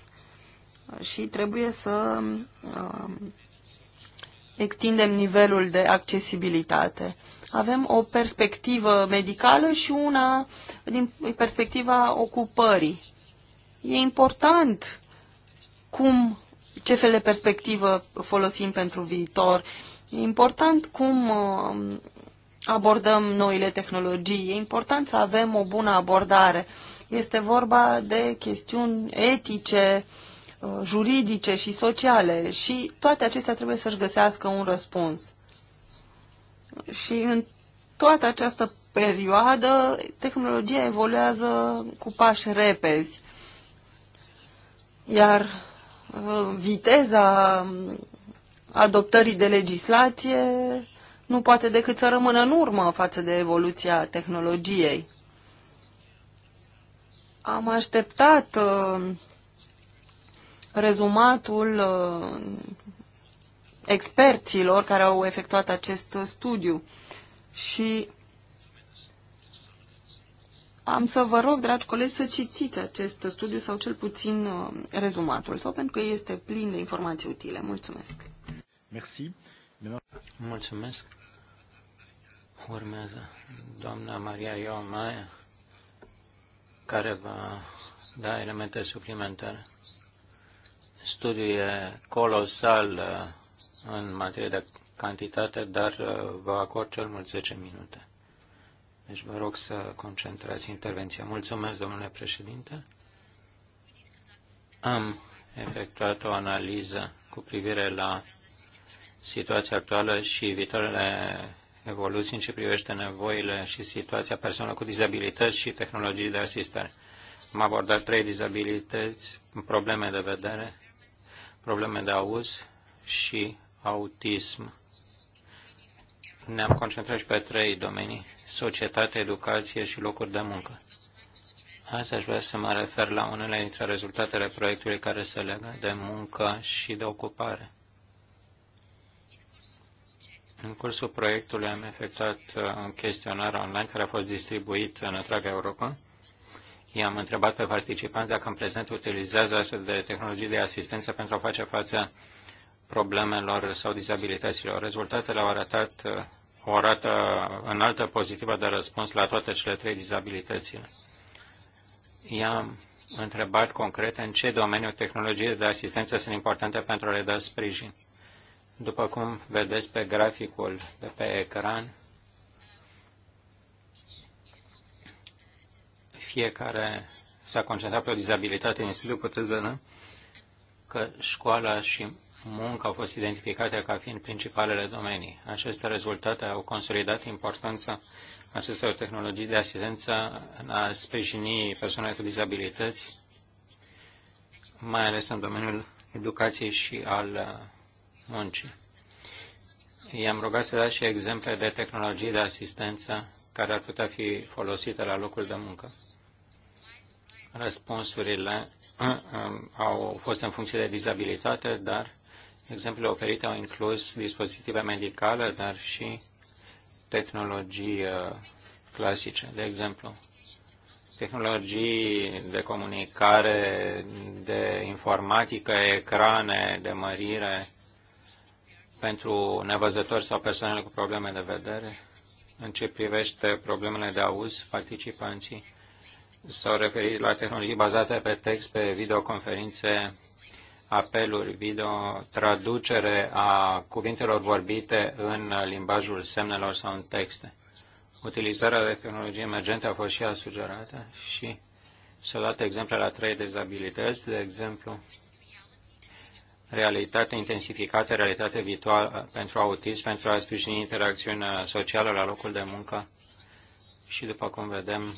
Și trebuie să uh, extindem nivelul de accesibilitate. Avem o perspectivă medicală și una din perspectiva ocupării. E important cum, ce fel de perspectivă folosim pentru viitor. E important cum uh, abordăm noile tehnologii. E important să avem o bună abordare. Este vorba de chestiuni etice, uh, juridice și sociale și toate acestea trebuie să-și găsească un răspuns. Și în toată această perioadă, tehnologia evoluează cu pași repezi. Iar uh, viteza adoptării de legislație nu poate decât să rămână în urmă față de evoluția tehnologiei. Am așteptat uh, rezumatul uh, experților care au efectuat acest studiu și am să vă rog, dragi colegi, să citiți acest studiu sau cel puțin uh, rezumatul sau pentru că este plin de informații utile. Mulțumesc! Merci. Mulțumesc! Urmează doamna Maria Iomaia, care va da elemente suplimentare. Studiul e colosal uh, în materie de cantitate, dar uh, vă acord cel mult 10 minute. Deci vă rog să concentrați intervenția. Mulțumesc, domnule președinte. Am efectuat o analiză cu privire la situația actuală și viitoarele evoluții în ce privește nevoile și situația persoanelor cu dizabilități și tehnologii de asistare. Am abordat trei dizabilități, probleme de vedere, probleme de auz și autism. Ne-am concentrat și pe trei domenii, societate, educație și locuri de muncă. Azi aș vrea să mă refer la unele dintre rezultatele proiectului care se legă de muncă și de ocupare. În cursul proiectului am efectuat uh, un chestionar online care a fost distribuit în întreaga Europa. I-am întrebat pe participanți dacă în prezent utilizează astfel de tehnologii de asistență pentru a face față problemelor sau dizabilităților. Rezultatele au arătat uh, o rată înaltă pozitivă de răspuns la toate cele trei dizabilitățile. I-am întrebat concret în ce domeniu tehnologiile de asistență sunt importante pentru a le da sprijin. După cum vedeți pe graficul de pe ecran, fiecare s-a concentrat pe o dizabilitate în Institutul Cotezănă, că școala și munca au fost identificate ca fiind principalele domenii. Aceste rezultate au consolidat importanța acestor tehnologii de asistență în a sprijini persoanele cu dizabilități, mai ales în domeniul educației și al uh, muncii. I-am rugat să dați și exemple de tehnologii de asistență care ar putea fi folosite la locul de muncă. Răspunsurile uh, um, au fost în funcție de dizabilitate, dar exemplele oferite au inclus dispozitive medicale, dar și tehnologii uh, clasice. De exemplu, tehnologii de comunicare, de informatică, ecrane, de mărire, pentru nevăzători sau persoanele cu probleme de vedere. În ce privește problemele de auz, participanții s-au referit la tehnologii bazate pe text, pe videoconferințe, apeluri video, traducere a cuvintelor vorbite în limbajul semnelor sau în texte. Utilizarea de tehnologie emergente a fost și ea sugerată și s-au dat exemple la trei dezabilități, de exemplu, realitate intensificată, realitate virtuală pentru autism, pentru a sprijini interacțiunea socială la locul de muncă și, după cum vedem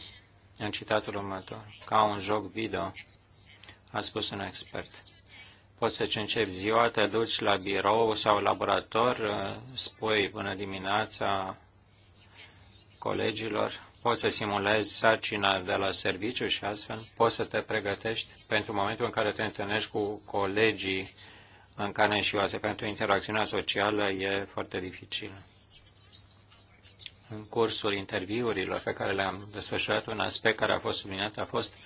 în citatul următor, ca un joc video, a spus un expert. Poți să-ți începi ziua, te duci la birou sau laborator, spui până dimineața colegilor, poți să simulezi sarcina de la serviciu și astfel poți să te pregătești pentru momentul în care te întâlnești cu colegii în carne și oase pentru interacțiunea socială e foarte dificilă. În cursul interviurilor pe care le-am desfășurat, un aspect care a fost subliniat a fost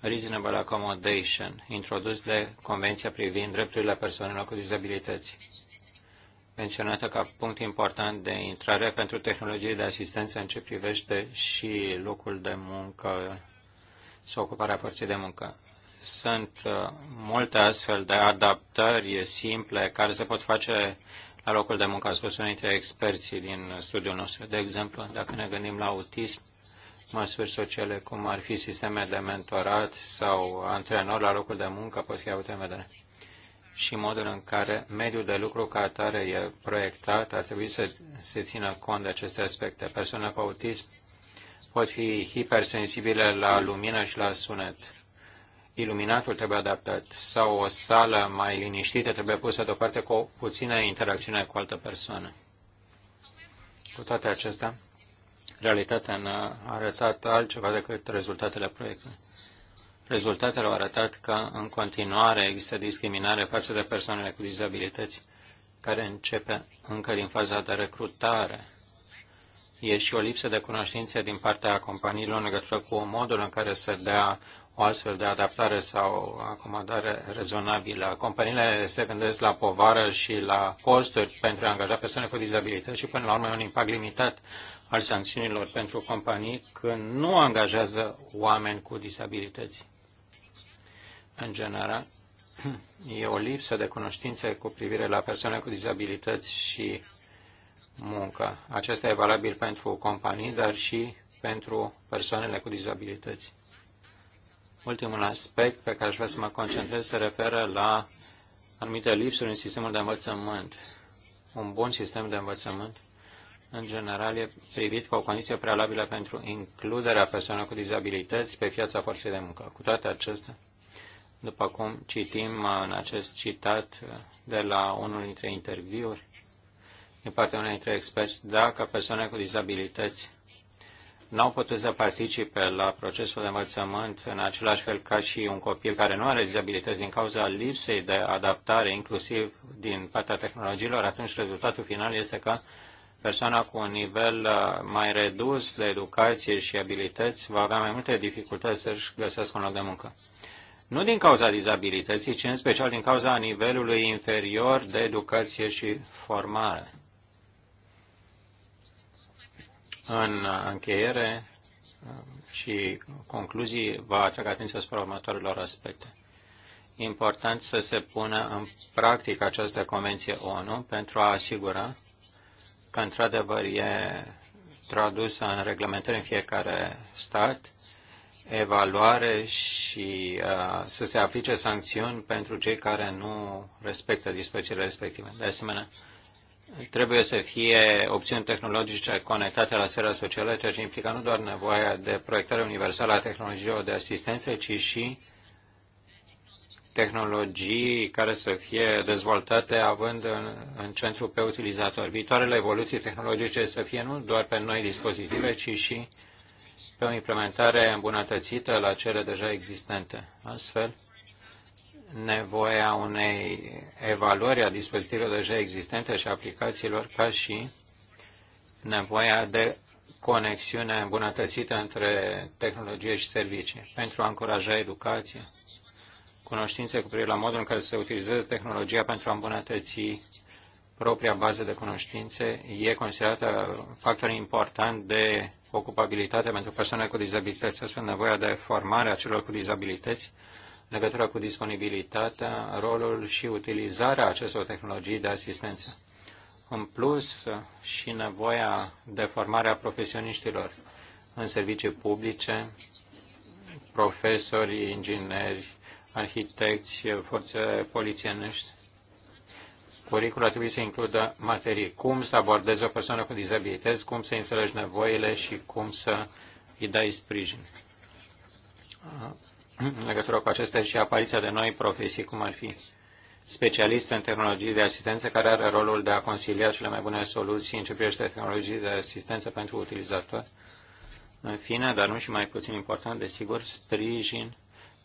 Reasonable Accommodation, introdus de Convenția privind drepturile persoanelor cu dizabilități, menționată ca punct important de intrare pentru tehnologie de asistență în ce privește și locul de muncă sau ocuparea forței de muncă. Sunt uh, multe astfel de adaptări simple care se pot face la locul de muncă, a spus unii dintre experții din studiul nostru. De exemplu, dacă ne gândim la autism, măsuri sociale cum ar fi sisteme de mentorat sau antrenor la locul de muncă pot fi avute în vedere. Și modul în care mediul de lucru ca atare e proiectat ar trebui să se țină cont de aceste aspecte. Persoane cu autism pot fi hipersensibile la lumină și la sunet iluminatul trebuie adaptat sau o sală mai liniștită trebuie pusă deoparte cu o puțină interacțiune cu altă persoană. Cu toate acestea, realitatea ne-a arătat altceva decât rezultatele proiectului. Rezultatele au arătat că în continuare există discriminare față de persoanele cu dizabilități, care începe încă din faza de recrutare. E și o lipsă de cunoștințe din partea companiilor în legătură cu modul în care se dea o astfel de adaptare sau acomodare rezonabilă. Companiile se gândesc la povară și la costuri pentru a angaja persoane cu dizabilități și până la urmă e un impact limitat al sancțiunilor pentru companii când nu angajează oameni cu disabilități. În general, e o lipsă de cunoștințe cu privire la persoane cu dizabilități și muncă. Acesta e valabil pentru companii, dar și pentru persoanele cu dizabilități. Ultimul aspect pe care aș vrea să mă concentrez se referă la anumite lipsuri în sistemul de învățământ. Un bun sistem de învățământ, în general, e privit ca o condiție prealabilă pentru includerea persoanelor cu dizabilități pe piața forței de muncă. Cu toate acestea, după cum citim în acest citat de la unul dintre interviuri, din partea unei dintre experți, dacă persoanele cu dizabilități n-au putut să participe la procesul de învățământ în același fel ca și un copil care nu are dizabilități din cauza lipsei de adaptare, inclusiv din partea tehnologiilor, atunci rezultatul final este că persoana cu un nivel uh, mai redus de educație și abilități va avea mai multe dificultăți să-și găsească un loc de muncă. Nu din cauza dizabilității, ci în special din cauza nivelului inferior de educație și formare. În încheiere și concluzii, va atrag atenția asupra următoarelor aspecte. Important să se pună în practică această convenție ONU pentru a asigura că, într-adevăr, e tradusă în reglementări în fiecare stat, evaluare și uh, să se aplice sancțiuni pentru cei care nu respectă dispozițiile respective. De asemenea, uh, trebuie să fie opțiuni tehnologice conectate la sfera socială, ceea ce implică nu doar nevoia de proiectare universală a tehnologiilor de asistență, ci și tehnologii care să fie dezvoltate având în, în centru pe utilizator. Viitoarele evoluții tehnologice să fie nu doar pe noi dispozitive, ci și pe o implementare îmbunătățită la cele deja existente. Astfel, nevoia unei evaluări a dispozitivelor deja existente și aplicațiilor, ca și nevoia de conexiune îmbunătățită între tehnologie și servicii pentru a încuraja educația, cunoștințe cu privire la modul în care se utilizează tehnologia pentru a îmbunătăți propria bază de cunoștințe e considerată factor important de ocupabilitate pentru persoane cu dizabilități, astfel nevoia de formare a celor cu dizabilități în legătură cu disponibilitatea, rolul și utilizarea acestor tehnologii de asistență. În plus, și nevoia de formare a profesioniștilor în servicii publice, profesori, ingineri, arhitecți, forțe polițienești. Curicula trebuie să includă materii, cum să abordezi o persoană cu dizabilități, cum să înțelegi nevoile și cum să îi dai sprijin în legătură cu acestea și apariția de noi profesii, cum ar fi specialist în tehnologii de asistență, care are rolul de a consilia cele mai bune soluții în ce privește tehnologii de asistență pentru utilizator. În fine, dar nu și mai puțin important, desigur, sprijin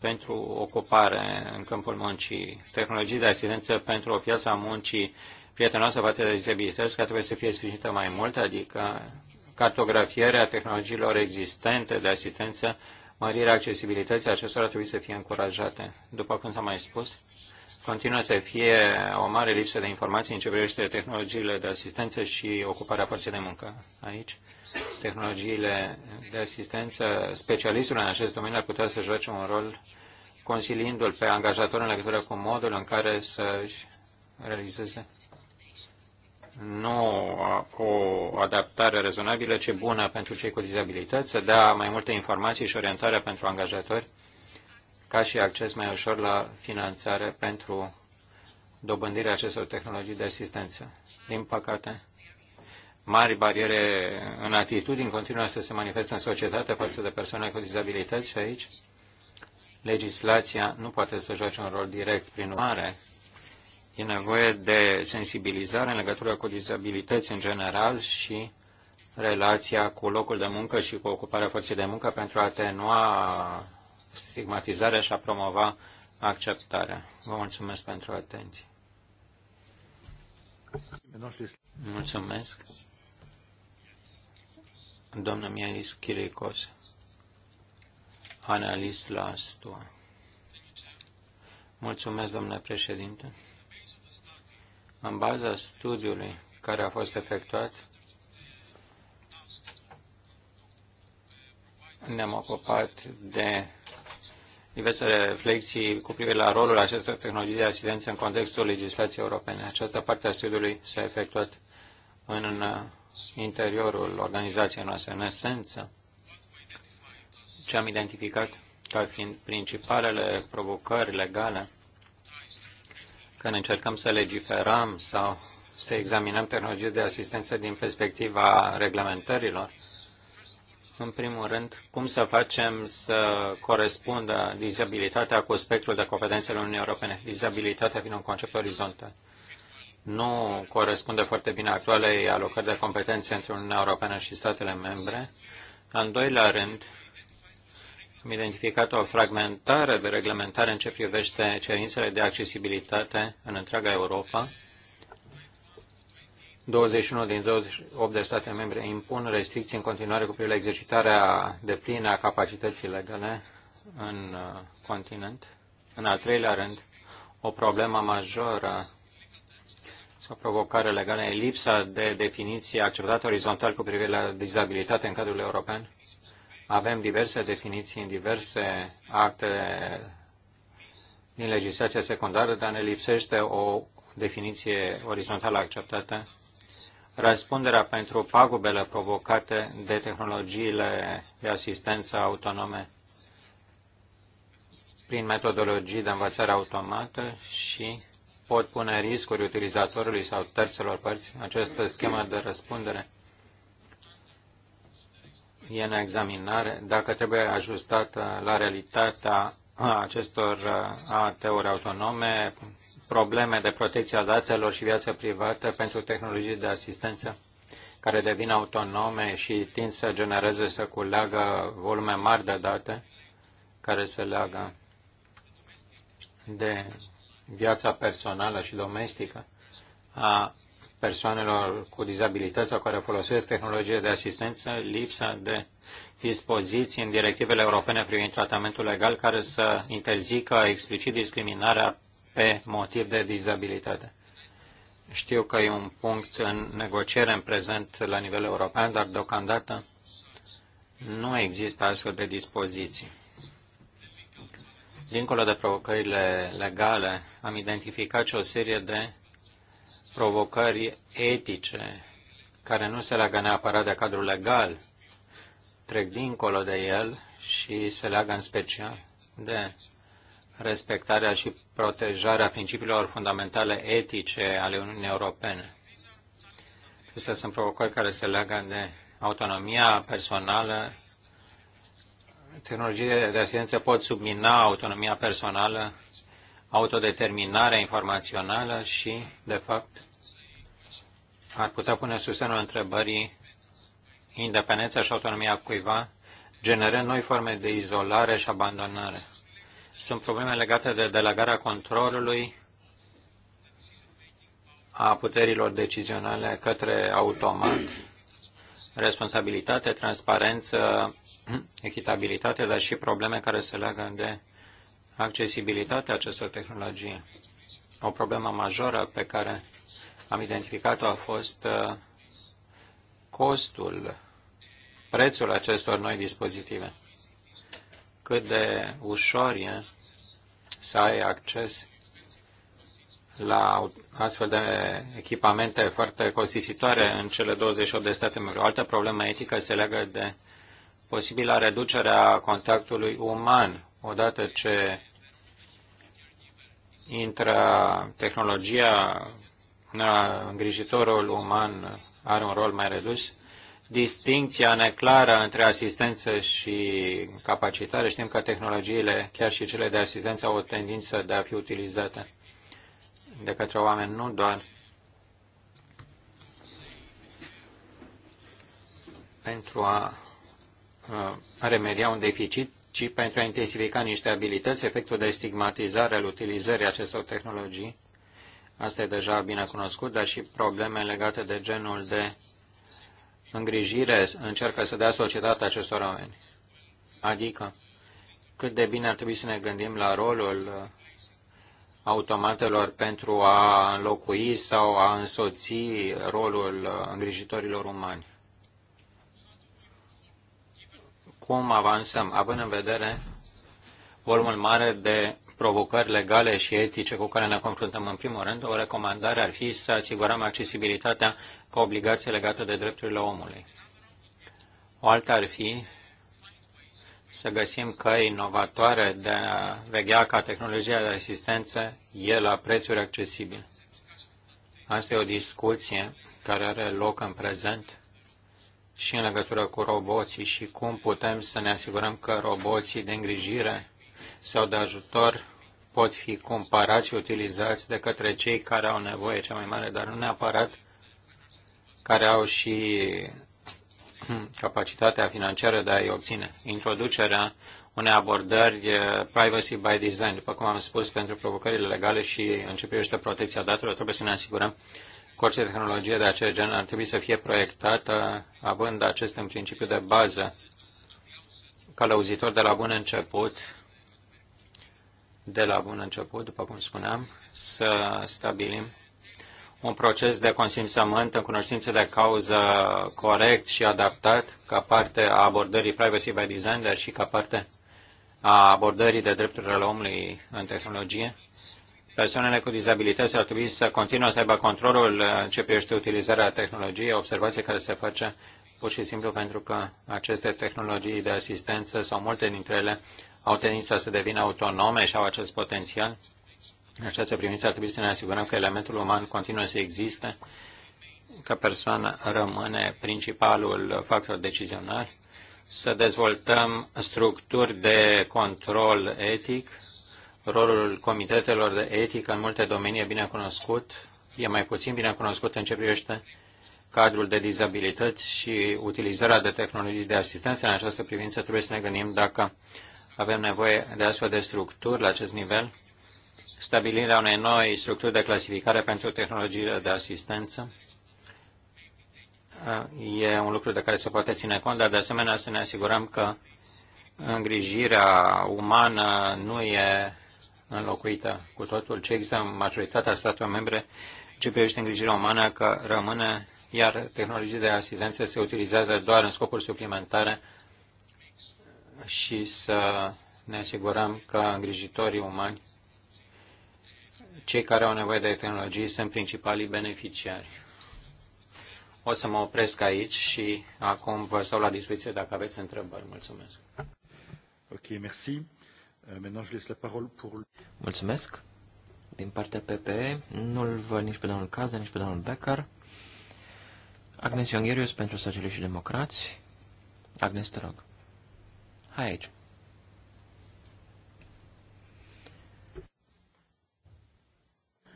pentru ocupare în câmpul muncii, tehnologii de asistență pentru o piață a muncii prietenoasă față de dizabilități, care trebuie să fie sprijinită mai mult, adică cartografierea tehnologiilor existente de asistență Mărirea accesibilității acestora trebuie să fie încurajate. După cum s-a mai spus, continuă să fie o mare lipsă de informații în ce privește tehnologiile de asistență și ocuparea forței de muncă. Aici, tehnologiile de asistență, specialistul în acest domeniu ar putea să joace un rol consiliindu-l pe angajator în legătură cu modul în care să realizeze nu o adaptare rezonabilă, ci bună pentru cei cu dizabilități, să dea mai multe informații și orientare pentru angajatori, ca și acces mai ușor la finanțare pentru dobândirea acestor tehnologii de asistență. Din păcate, mari bariere în atitudini continuă să se manifestă în societate față de persoane cu dizabilități și aici legislația nu poate să joace un rol direct. Prin urmare, E nevoie de sensibilizare în legătură cu dizabilități în general și relația cu locul de muncă și cu ocuparea forței de muncă pentru a atenua stigmatizarea și a promova acceptarea. Vă mulțumesc pentru atenție. Mulțumesc. Domnul Mielis Chiricos, analist la STUA. Mulțumesc, domnule președinte. În baza studiului care a fost efectuat, ne-am ocupat de diverse reflexii cu privire la rolul acestor tehnologii de asistență în contextul legislației europene. Această parte a studiului s-a efectuat în interiorul organizației noastre. În esență, ce am identificat ca fiind principalele provocări legale când încercăm să legiferăm sau să examinăm tehnologie de asistență din perspectiva reglementărilor, în primul rând, cum să facem să corespundă dizabilitatea cu spectrul de competențele Uniunii Europene. Dizabilitatea fiind un concept orizontal. Nu corespunde foarte bine actualei alocări de competențe între Uniunea Europeană și statele membre. În doilea rând, am identificat o fragmentare de reglementare în ce privește cerințele de accesibilitate în întreaga Europa. 21 din 28 de state membre impun restricții în continuare cu privire la exercitarea de plină a capacității legale în uh, continent. În al treilea rând, o problemă majoră sau provocare legală e lipsa de definiție acceptată orizontal cu privire la dizabilitate în cadrul european avem diverse definiții în diverse acte din legislația secundară, dar ne lipsește o definiție orizontală acceptată. Răspunderea pentru pagubele provocate de tehnologiile de asistență autonome prin metodologii de învățare automată și pot pune riscuri utilizatorului sau terțelor părți. Această schemă de răspundere e în examinare, dacă trebuie ajustată la realitatea acestor AT-uri autonome, probleme de protecție a datelor și viață privată pentru tehnologii de asistență care devin autonome și tind să genereze, să culeagă volume mari de date care se leagă de viața personală și domestică a persoanelor cu dizabilități sau care folosesc tehnologie de asistență, lipsa de dispoziții în directivele europene privind tratamentul legal care să interzică explicit discriminarea pe motiv de dizabilitate. Știu că e un punct în negociere în prezent la nivel european, dar deocamdată nu există astfel de dispoziții. Dincolo de provocările legale, am identificat și o serie de provocări etice care nu se leagă neapărat de cadrul legal, trec dincolo de el și se leagă în special de respectarea și protejarea principiilor fundamentale etice ale Uniunii Europene. Acestea sunt provocări care se leagă de autonomia personală. Tehnologiile de asistență pot submina autonomia personală autodeterminarea informațională și, de fapt, ar putea pune sus în întrebării independența și autonomia cuiva, generând noi forme de izolare și abandonare. Sunt probleme legate de delegarea controlului a puterilor decizionale către automat, responsabilitate, transparență, echitabilitate, dar și probleme care se leagă de accesibilitatea acestor tehnologii. O problemă majoră pe care am identificat-o a fost uh, costul, prețul acestor noi dispozitive. Cât de ușor e să ai acces la astfel de echipamente foarte costisitoare în cele 28 de state membre. O altă problemă etică se legă de posibila reducerea contactului uman odată ce intră tehnologia, îngrijitorul uman are un rol mai redus, distinția neclară între asistență și capacitare. Știm că tehnologiile, chiar și cele de asistență, au o tendință de a fi utilizate de către oameni, nu doar pentru a remedia un deficit, ci pentru a intensifica niște abilități, efectul de stigmatizare al utilizării acestor tehnologii, asta e deja bine cunoscut, dar și probleme legate de genul de îngrijire încearcă să dea societatea acestor oameni. Adică, cât de bine ar trebui să ne gândim la rolul uh, automatelor pentru a înlocui sau a însoți rolul uh, îngrijitorilor umani. cum avansăm, având în vedere volumul mare de provocări legale și etice cu care ne confruntăm în primul rând, o recomandare ar fi să asigurăm accesibilitatea ca obligație legată de drepturile omului. O altă ar fi să găsim căi inovatoare de a veghea ca tehnologia de asistență e la prețuri accesibile. Asta e o discuție care are loc în prezent și în legătură cu roboții și cum putem să ne asigurăm că roboții de îngrijire sau de ajutor pot fi cumpărați și utilizați de către cei care au nevoie cea mai mare, dar nu neapărat care au și capacitatea financiară de a-i obține. Introducerea unei abordări eh, privacy by design, după cum am spus, pentru provocările legale și în ce privește protecția datelor, trebuie să ne asigurăm cu orice tehnologie de acest gen ar trebui să fie proiectată având acest în principiu de bază călăuzitor de la bun început, de la bun început, după cum spuneam, să stabilim un proces de consimțământ în cunoștință de cauză corect și adaptat ca parte a abordării privacy by design, dar și ca parte a abordării de drepturile omului în tehnologie persoanele cu dizabilități ar trebui să continuă să aibă controlul ce privește utilizarea tehnologiei, observație care se face pur și simplu pentru că aceste tehnologii de asistență sau multe dintre ele au tendința să devină autonome și au acest potențial. În această privință ar trebui să ne asigurăm că elementul uman continuă să existe, că persoana rămâne principalul factor decizional, să dezvoltăm structuri de control etic Rolul comitetelor de etică în multe domenii e bine cunoscut, e mai puțin bine cunoscut în ce privește cadrul de dizabilități și utilizarea de tehnologii de asistență. În această privință trebuie să ne gândim dacă avem nevoie de astfel de structuri la acest nivel, stabilirea unei noi structuri de clasificare pentru tehnologiile de asistență. Uh, e un lucru de care se poate ține cont, dar de asemenea să ne asigurăm că îngrijirea umană nu e înlocuită cu totul ce există în majoritatea statelor membre ce privește îngrijirea umană, că rămâne, iar tehnologii de asistență se utilizează doar în scopuri suplimentare și să ne asigurăm că îngrijitorii umani, cei care au nevoie de tehnologii, sunt principalii beneficiari. O să mă opresc aici și acum vă stau la dispoziție dacă aveți întrebări. Mulțumesc. Ok, merci. Euh, Mulțumesc. Din partea PPE, nu-l văd nici pe domnul Caza, nici pe domnul Becker. Agnes Iongherius pentru Socialiști și Democrați. Agnes, te rog. Hai aici.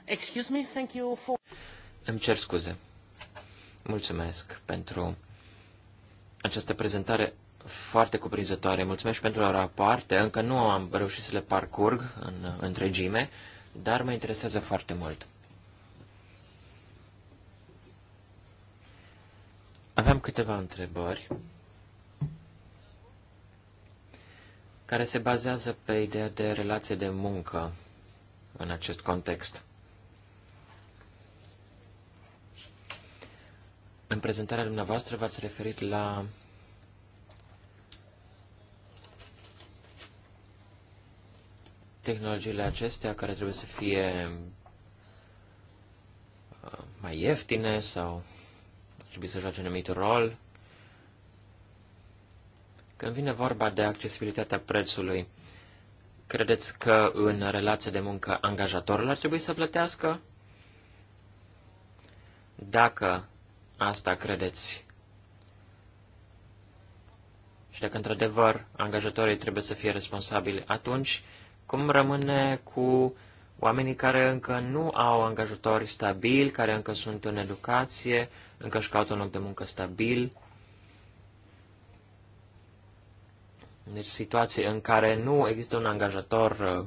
Excuse me, thank you for... Îmi cer scuze. Mulțumesc pentru această prezentare foarte cuprinzătoare. Mulțumesc și pentru rapoarte. Încă nu am reușit să le parcurg în întregime, dar mă interesează foarte mult. Aveam câteva întrebări care se bazează pe ideea de relație de muncă în acest context. În prezentarea dumneavoastră v-ați referit la tehnologiile acestea care trebuie să fie uh, mai ieftine sau trebuie să joace un anumit rol. Când vine vorba de accesibilitatea prețului, credeți că în relația de muncă angajatorul ar trebui să plătească? Dacă asta credeți și dacă într-adevăr angajatorii trebuie să fie responsabili, atunci cum rămâne cu oamenii care încă nu au angajatori stabili, care încă sunt în educație, încă își caută un loc de muncă stabil. Deci situații în care nu există un angajator uh,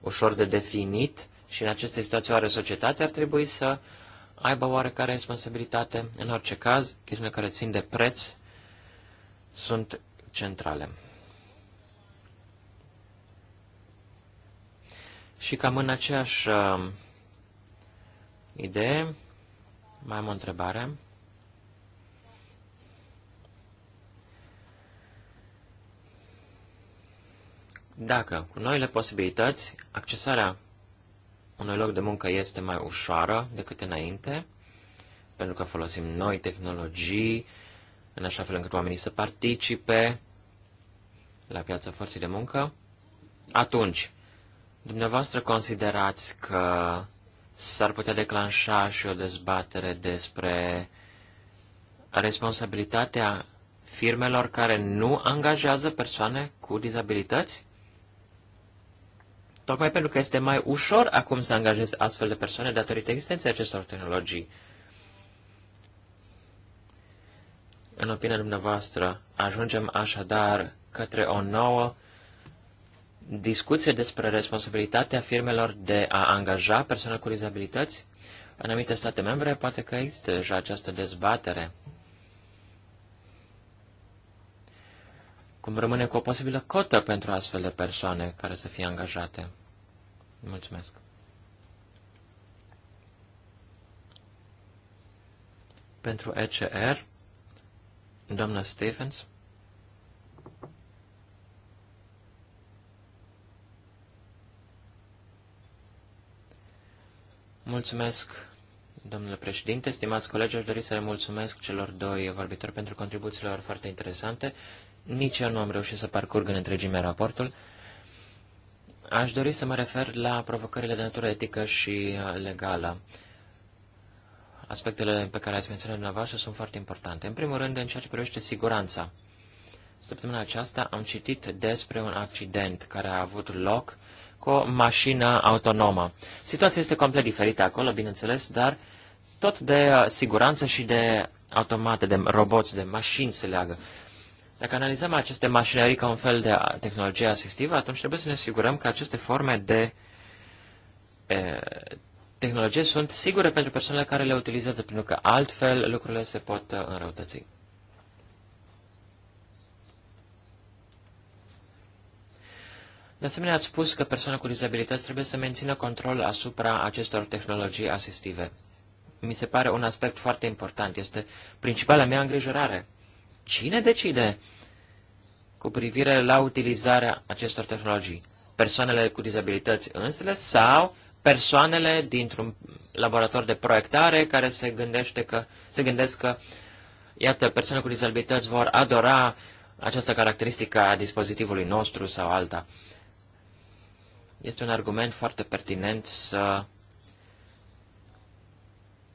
ușor de definit și în aceste situații oare societatea ar trebui să aibă oarecare responsabilitate. În orice caz, chestiunile care țin de preț sunt centrale. Și cam în aceeași uh, idee, mai am o întrebare. Dacă, cu noile posibilități, accesarea unui loc de muncă este mai ușoară decât înainte, pentru că folosim noi tehnologii, în așa fel încât oamenii să participe la piața forței de muncă, atunci Dumneavoastră considerați că s-ar putea declanșa și o dezbatere despre responsabilitatea firmelor care nu angajează persoane cu dizabilități? Tocmai pentru că este mai ușor acum să angajezi astfel de persoane datorită existenței acestor tehnologii. În opinia dumneavoastră, ajungem așadar către o nouă discuție despre responsabilitatea firmelor de a angaja persoane cu dizabilități în anumite state membre, poate că există deja această dezbatere. Cum rămâne cu o posibilă cotă pentru astfel de persoane care să fie angajate? Mulțumesc. Pentru ECR, doamna Stephens. Mulțumesc, domnule președinte. Stimați colegi, aș dori să le mulțumesc celor doi vorbitori pentru contribuțiile lor foarte interesante. Nici eu nu am reușit să parcurg în întregime raportul. Aș dori să mă refer la provocările de natură etică și uh, legală. Aspectele pe care ați menționat dumneavoastră sunt foarte importante. În primul rând, în ceea ce privește siguranța. Săptămâna aceasta am citit despre un accident care a avut loc cu o mașină autonomă. Situația este complet diferită acolo, bineînțeles, dar tot de uh, siguranță și de automate, de roboți, de mașini se leagă. Dacă analizăm aceste mașinării ca un fel de uh, tehnologie asistivă, atunci trebuie să ne asigurăm că aceste forme de e, uh, tehnologie sunt sigure pentru persoanele care le utilizează, pentru că altfel lucrurile se pot înrăutăți. De asemenea, ați spus că persoane cu dizabilități trebuie să mențină control asupra acestor tehnologii asistive. Mi se pare un aspect foarte important. Este principala mea îngrijorare. Cine decide cu privire la utilizarea acestor tehnologii? Persoanele cu dizabilități însele sau persoanele dintr-un laborator de proiectare care se, gândește că, se gândesc că, iată, persoane cu dizabilități vor adora această caracteristică a dispozitivului nostru sau alta. Uh, este un argument foarte pertinent să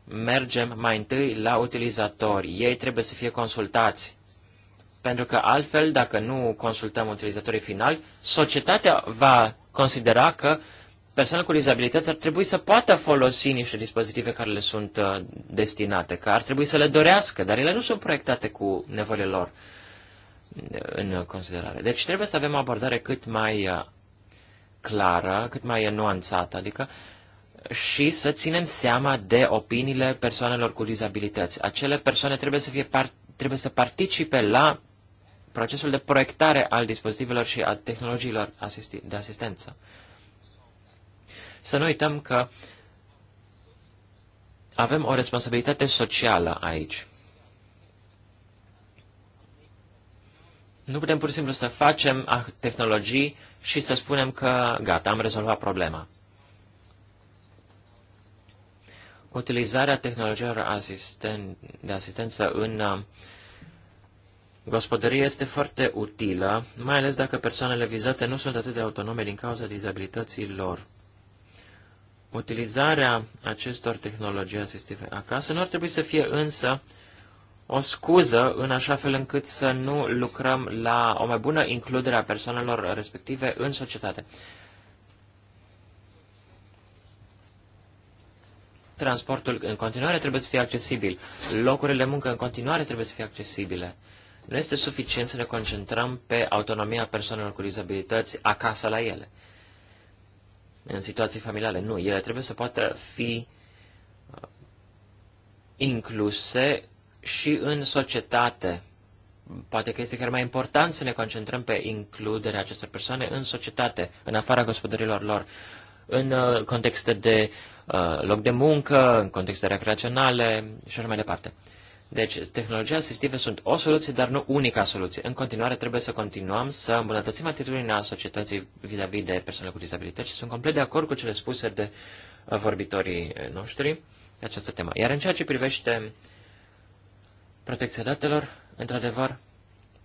mergem mai întâi la utilizatori. Ei trebuie să fie consultați. Pentru că altfel, dacă nu consultăm utilizatorii finali, societatea va considera că persoanele cu dizabilități ar trebui să poată folosi niște dispozitive care le sunt uh, destinate, că ar trebui să le dorească, dar ele nu sunt proiectate cu nevoile lor uh, în considerare. Deci trebuie să avem o abordare cât mai uh, clară, cât mai nuanțată, adică și să ținem seama de opiniile persoanelor cu dizabilități. Acele persoane trebuie să, fie par, trebuie să participe la procesul de proiectare al dispozitivelor și a tehnologiilor asist- de asistență. Să nu uităm că avem o responsabilitate socială aici. Nu putem pur și simplu să facem tehnologii și să spunem că gata, am rezolvat problema. Utilizarea tehnologiilor asisten de asistență în uh, gospodărie este foarte utilă, mai ales dacă persoanele vizate nu sunt atât de autonome din cauza dizabilității lor. Utilizarea acestor tehnologii asistive acasă nu ar trebui să fie însă uh, o scuză în așa fel încât să nu lucrăm la o mai bună includere a persoanelor respective în societate. Transportul în continuare trebuie să fie accesibil. Locurile de muncă în continuare trebuie să fie accesibile. Nu este suficient să ne concentrăm pe autonomia persoanelor cu dizabilități acasă la ele, în situații familiale. Nu, ele trebuie să poată fi uh, incluse și în societate. Poate că este chiar mai important să ne concentrăm pe includerea acestor persoane în societate, în afara gospodărilor lor, în uh, contexte de uh, loc de muncă, în contexte recreaționale și așa mai departe. Deci, tehnologia asistive sunt o soluție, dar nu unica soluție. În continuare, trebuie să continuăm să îmbunătățim atitudinea societății vis-a-vis -vis de persoane cu dizabilități și sunt complet de acord cu cele spuse de uh, vorbitorii noștri pe această temă. Iar în ceea ce privește protecția datelor, într-adevăr,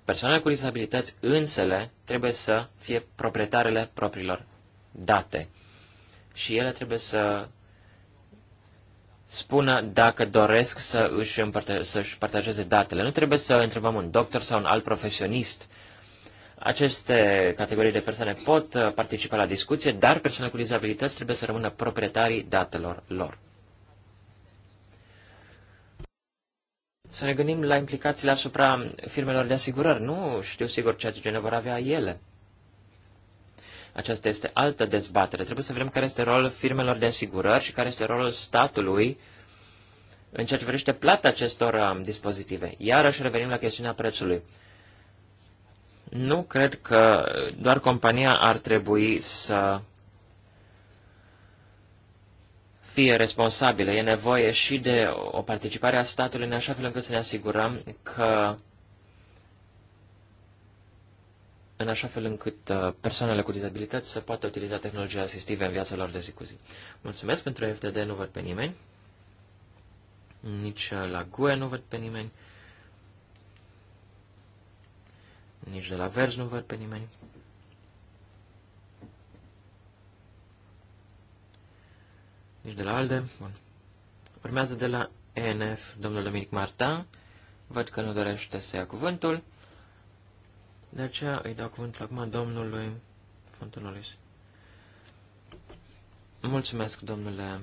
persoanele cu disabilități însele trebuie să fie proprietarele propriilor date și ele trebuie să spună dacă doresc să își, împărte- să își partajeze datele. Nu trebuie să întrebăm un doctor sau un alt profesionist. Aceste categorii de persoane pot participa la discuție, dar persoanele cu dizabilități trebuie să rămână proprietarii datelor lor. să ne gândim la implicațiile asupra firmelor de asigurări. Nu știu sigur ceea ce ne vor avea ele. Aceasta este altă dezbatere. Trebuie să vedem care este rolul firmelor de asigurări și care este rolul statului în ceea ce privește plata acestor um, dispozitive. Iarăși revenim la chestiunea prețului. Nu cred că doar compania ar trebui să fie responsabile. E nevoie și de o participare a statului în așa fel încât să ne asigurăm că în așa fel încât uh, persoanele cu dizabilități să poată utiliza tehnologia asistive în viața lor de zi cu zi. Mulțumesc pentru FTD, nu văd pe nimeni. Nici uh, la GUE nu văd pe nimeni. Nici de la Verzi nu văd pe nimeni. Nici de la ALDE. Bun. Urmează de la ENF, domnul Dominic Martin. Văd că nu dorește să ia cuvântul. De aceea îi dau cuvântul acum domnului Fontenolis. Mulțumesc, domnule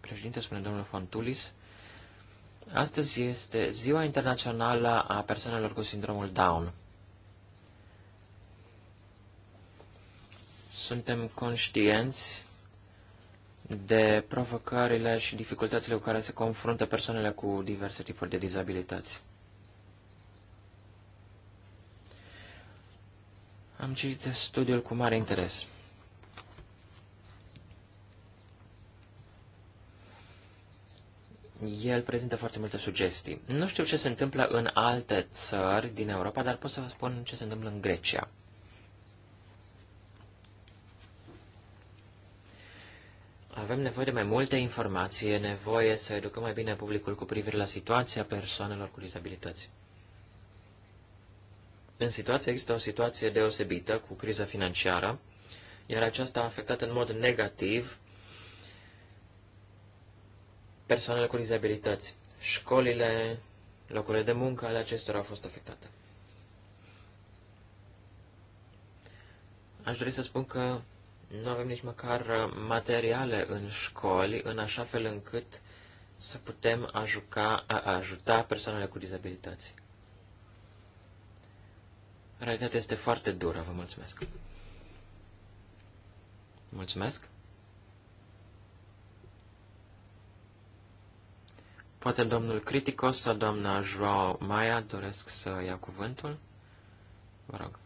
președinte, spune domnul Fontulis. Astăzi este Ziua Internațională a Persoanelor cu Sindromul Down. Suntem conștienți de provocările și dificultățile cu care se confruntă persoanele cu diverse tipuri de dizabilități. Am citit studiul cu mare interes. El prezintă foarte multe sugestii. Nu știu ce se întâmplă în alte țări din Europa, dar pot să vă spun ce se întâmplă în Grecia. Avem nevoie de mai multe informații, e nevoie să educăm mai bine publicul cu privire la situația persoanelor cu dizabilități. În situație există o situație deosebită cu criza financiară, iar aceasta a afectat în mod negativ persoanele cu dizabilități. Școlile, locurile de muncă ale acestora au fost afectate. Aș dori să spun că nu avem nici măcar uh, materiale în școli, în așa fel încât să putem ajuca, a, ajuta persoanele cu dizabilități. Realitatea este foarte dură, vă mulțumesc. Mulțumesc. Poate domnul Criticos sau doamna Joao Maia doresc să ia cuvântul? Vă rog.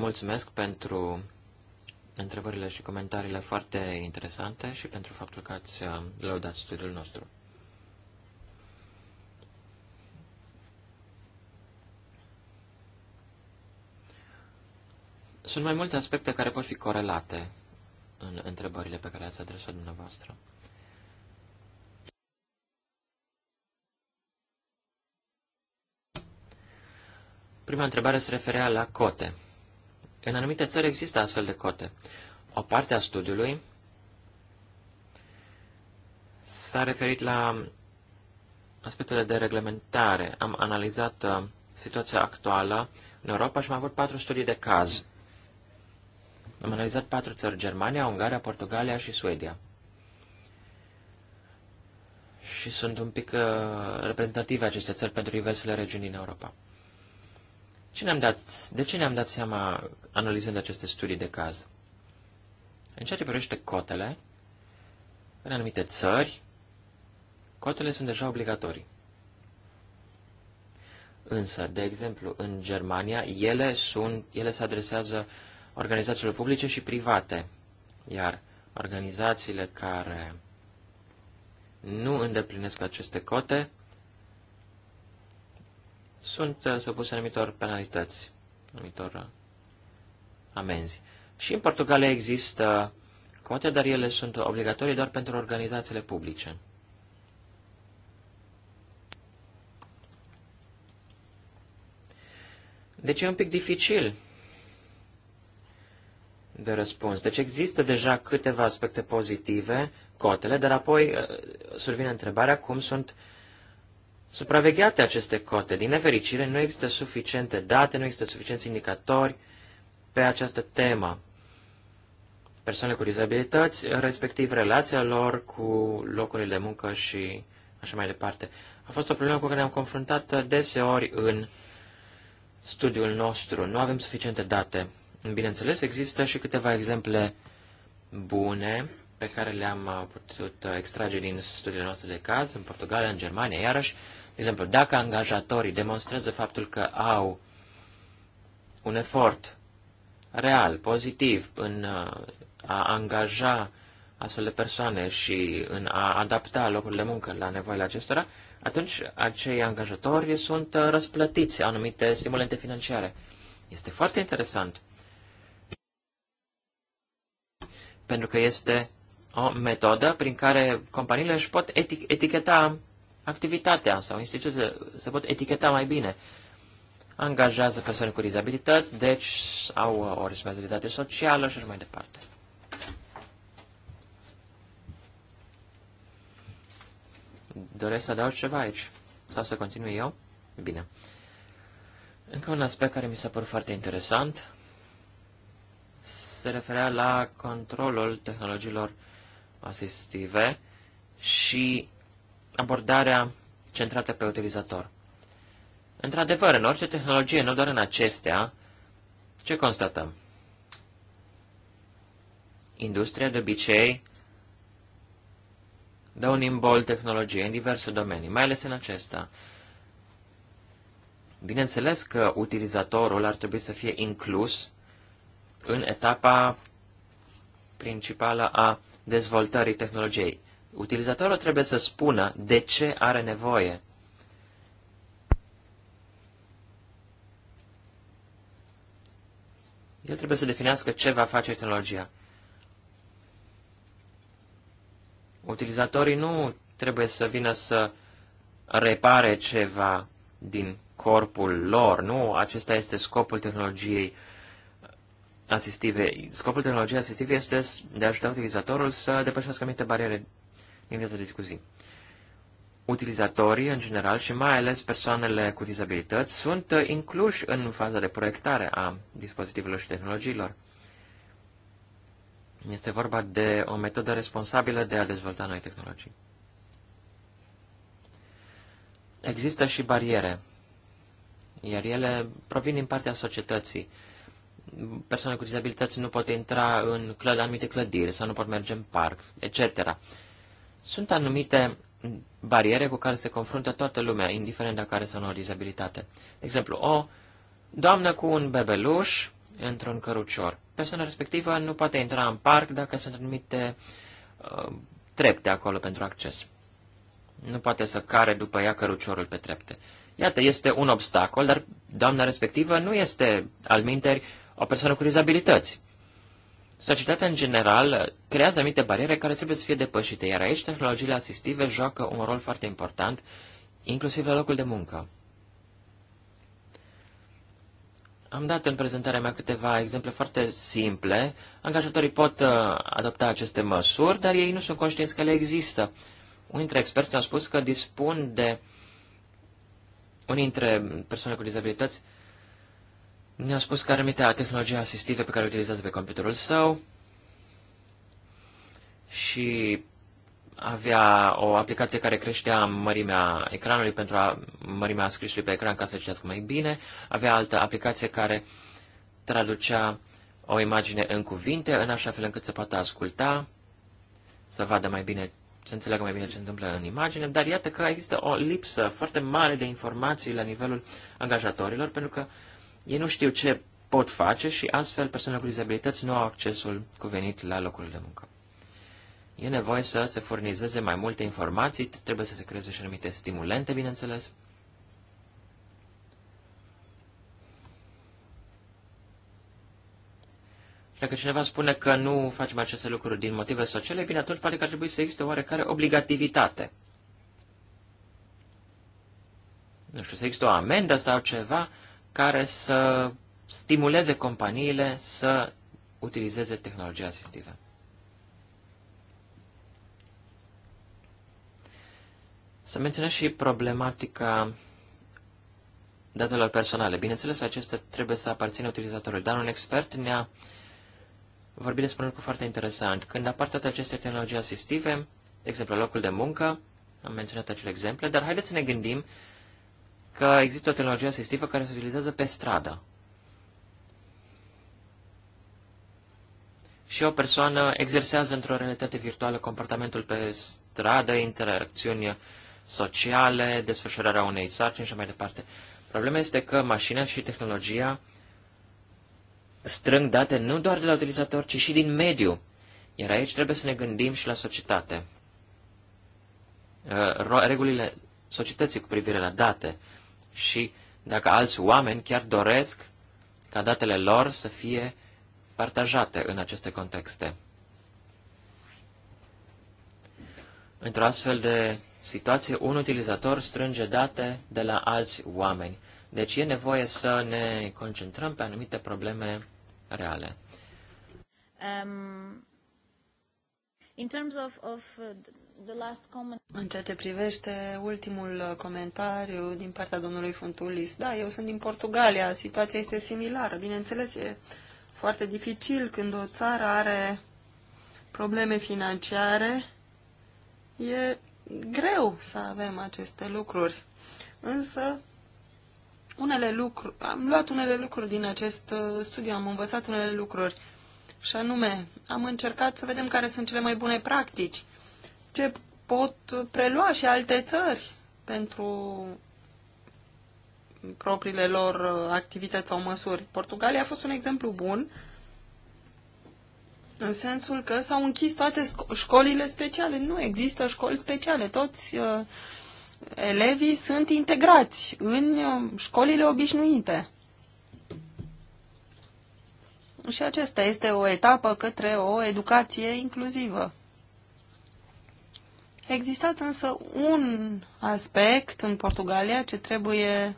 Mulțumesc pentru întrebările și comentariile foarte interesante și pentru faptul că ați uh, lăudat studiul nostru. Sunt mai multe aspecte care pot fi corelate în întrebările pe care le-ați adresat dumneavoastră. Prima întrebare se referea la cote. În anumite țări există astfel de cote. O parte a studiului s-a referit la aspectele de reglementare. Am analizat uh, situația actuală în Europa și am avut patru studii de caz. Am analizat patru țări, Germania, Ungaria, Portugalia și Suedia. Și sunt un pic uh, reprezentative aceste țări pentru diversele regiuni din Europa. Ce ne-am dat, de ce ne-am dat seama analizând aceste studii de caz? În ceea ce privește cotele, în anumite țări, cotele sunt deja obligatorii. Însă, de exemplu, în Germania, ele, sunt, ele se adresează organizațiilor publice și private, iar organizațiile care nu îndeplinesc aceste cote sunt uh, supuse anumitor penalități, anumitor uh, amenzi. Și în Portugalia există cote, dar ele sunt obligatorii doar pentru organizațiile publice. Deci e un pic dificil de răspuns. Deci există deja câteva aspecte pozitive, cotele, dar apoi uh, survine întrebarea cum sunt uh, supravegheate aceste cote. Din nefericire, nu există suficiente date, nu există suficienți indicatori pe această temă. Persoane cu dizabilități, respectiv relația lor cu locurile de muncă și așa mai departe. A fost o problemă cu care ne-am confruntat deseori în studiul nostru. Nu avem suficiente date. Bineînțeles, există și câteva exemple bune pe care le-am putut extrage din studiile noastre de caz în Portugalia, în Germania, iarăși, de exemplu, dacă angajatorii demonstrează faptul că au un efort real, pozitiv, în uh, a angaja astfel de persoane și în a adapta locurile de muncă la nevoile acestora, atunci acei angajatori sunt uh, răsplătiți anumite stimulente financiare. Este foarte interesant. Pentru că este o metodă prin care companiile își pot eticheta activitatea sau instituțiile se pot eticheta mai bine. Angajează persoane cu dizabilități, deci au o responsabilitate socială și așa mai departe. Doresc să adaug ceva aici? Sau să continui eu? Bine. Încă un aspect care mi s-a părut foarte interesant se referea la controlul tehnologiilor asistive și abordarea centrată pe utilizator. Într-adevăr, în orice tehnologie, nu doar în acestea, ce constatăm? Industria, de obicei, dă un imbol tehnologiei în diverse domenii, mai ales în acesta. Bineînțeles că utilizatorul ar trebui să fie inclus în etapa principală a dezvoltării tehnologiei. Utilizatorul trebuie să spună de ce are nevoie. El trebuie să definească ce va face tehnologia. Utilizatorii nu trebuie să vină să repare ceva din corpul lor, nu? Acesta este scopul tehnologiei asistive. Scopul tehnologiei asistive este de a ajuta utilizatorul să depășească anumite bariere din viața de zi cu zi. Utilizatorii, în general, și mai ales persoanele cu dizabilități, sunt uh, incluși în faza de proiectare a dispozitivelor și tehnologiilor. Este vorba de o metodă responsabilă de a dezvolta noi tehnologii. Există și bariere, iar ele provin din partea societății. Persoane cu dizabilități nu pot intra în anumite clădiri sau nu pot merge în parc, etc. Sunt anumite bariere cu care se confruntă toată lumea, indiferent de care sunt o dizabilitate. De exemplu, o doamnă cu un bebeluș într-un cărucior. Persoana respectivă nu poate intra în parc dacă sunt anumite uh, trepte acolo pentru acces. Nu poate să care după ea căruciorul pe trepte. Iată, este un obstacol, dar doamna respectivă nu este, al minteri, o persoană cu dizabilități. Societatea în general creează anumite bariere care trebuie să fie depășite, iar aici tehnologiile asistive joacă un rol foarte important, inclusiv la locul de muncă. Am dat în prezentarea mea câteva exemple foarte simple. Angajatorii pot uh, adopta aceste măsuri, dar ei nu sunt conștienți că le există. Unii dintre experți au spus că dispun de unii dintre persoane cu dizabilități ne-a spus că remitea tehnologia asistive pe care o utilizează pe computerul său și avea o aplicație care creștea mărimea ecranului pentru a, mărimea scrisului pe ecran ca să citească mai bine, avea altă aplicație care traducea o imagine în cuvinte, în așa fel încât să poată asculta, să vadă mai bine, să înțeleagă mai bine ce se întâmplă în imagine, dar iată că există o lipsă foarte mare de informații la nivelul angajatorilor, pentru că uh, ei nu știu ce pot face și astfel persoanele cu dizabilități nu au accesul cuvenit la locurile de muncă. E nevoie să se furnizeze mai multe informații, trebuie să se creeze și anumite stimulente, bineînțeles. Dacă cineva spune că nu facem aceste lucruri din motive sociale, bine, atunci poate că ar trebui să existe oarecare obligativitate. Nu știu, să există o amendă sau ceva care să stimuleze companiile să utilizeze tehnologia asistivă. Să menționez și problematica datelor personale. Bineînțeles, acestea trebuie să aparțină utilizatorului, dar un expert ne-a vorbit despre un lucru foarte interesant. Când apar toate aceste tehnologii asistive, de exemplu, locul de muncă, am menționat acele exemple, dar haideți să ne gândim că există o tehnologie asistivă care se utilizează pe stradă. Și o persoană exersează într-o realitate virtuală comportamentul pe stradă, interacțiuni sociale, desfășurarea unei sarcini și mai departe. Problema este că mașina și tehnologia strâng date nu doar de la utilizator, ci și din mediu. Iar aici trebuie să ne gândim și la societate. Uh, regulile societății cu privire la date și dacă alți oameni chiar doresc ca datele lor să fie partajate în aceste contexte. Într-o astfel de situație, un utilizator strânge date de la alți oameni. Deci e nevoie să ne concentrăm pe anumite probleme reale. Um, in terms of, of în ceea ce privește ultimul comentariu din partea domnului Funtulis, da, eu sunt din Portugalia, situația este similară. Bineînțeles, e foarte dificil când o țară are probleme financiare, e greu să avem aceste lucruri. Însă, unele lucruri, am luat unele lucruri din acest uh, studiu, am învățat unele lucruri. Și anume, am încercat să vedem care sunt cele mai bune practici ce pot prelua și alte țări pentru propriile lor uh, activități sau măsuri. Portugalia a fost un exemplu bun în sensul că s-au închis toate școlile speciale. Nu există școli speciale. Toți uh, elevii sunt integrați în uh, școlile obișnuite. Și acesta este o etapă către o educație inclusivă existat însă un aspect în Portugalia ce trebuie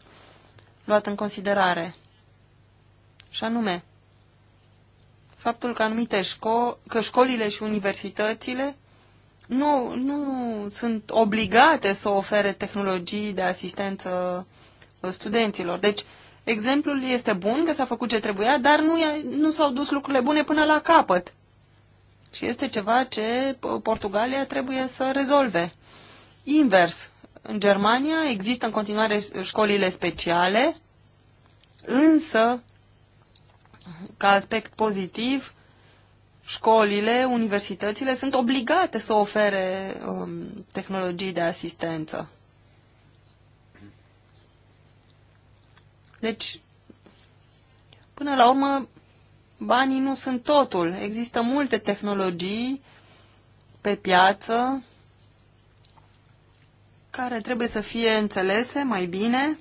luat în considerare, și anume faptul că anumite șco că școlile și universitățile nu, nu sunt obligate să ofere tehnologii de asistență studenților. Deci, exemplul este bun, că s-a făcut ce trebuia, dar nu, nu s-au dus lucrurile bune până la capăt. Și este ceva ce uh, Portugalia trebuie să rezolve. Invers, în Germania există în continuare uh, școlile speciale, însă, ca aspect pozitiv, școlile, universitățile sunt obligate să ofere um, tehnologii de asistență. Deci, până la urmă, banii nu sunt totul. Există multe tehnologii pe piață care trebuie să fie înțelese mai bine.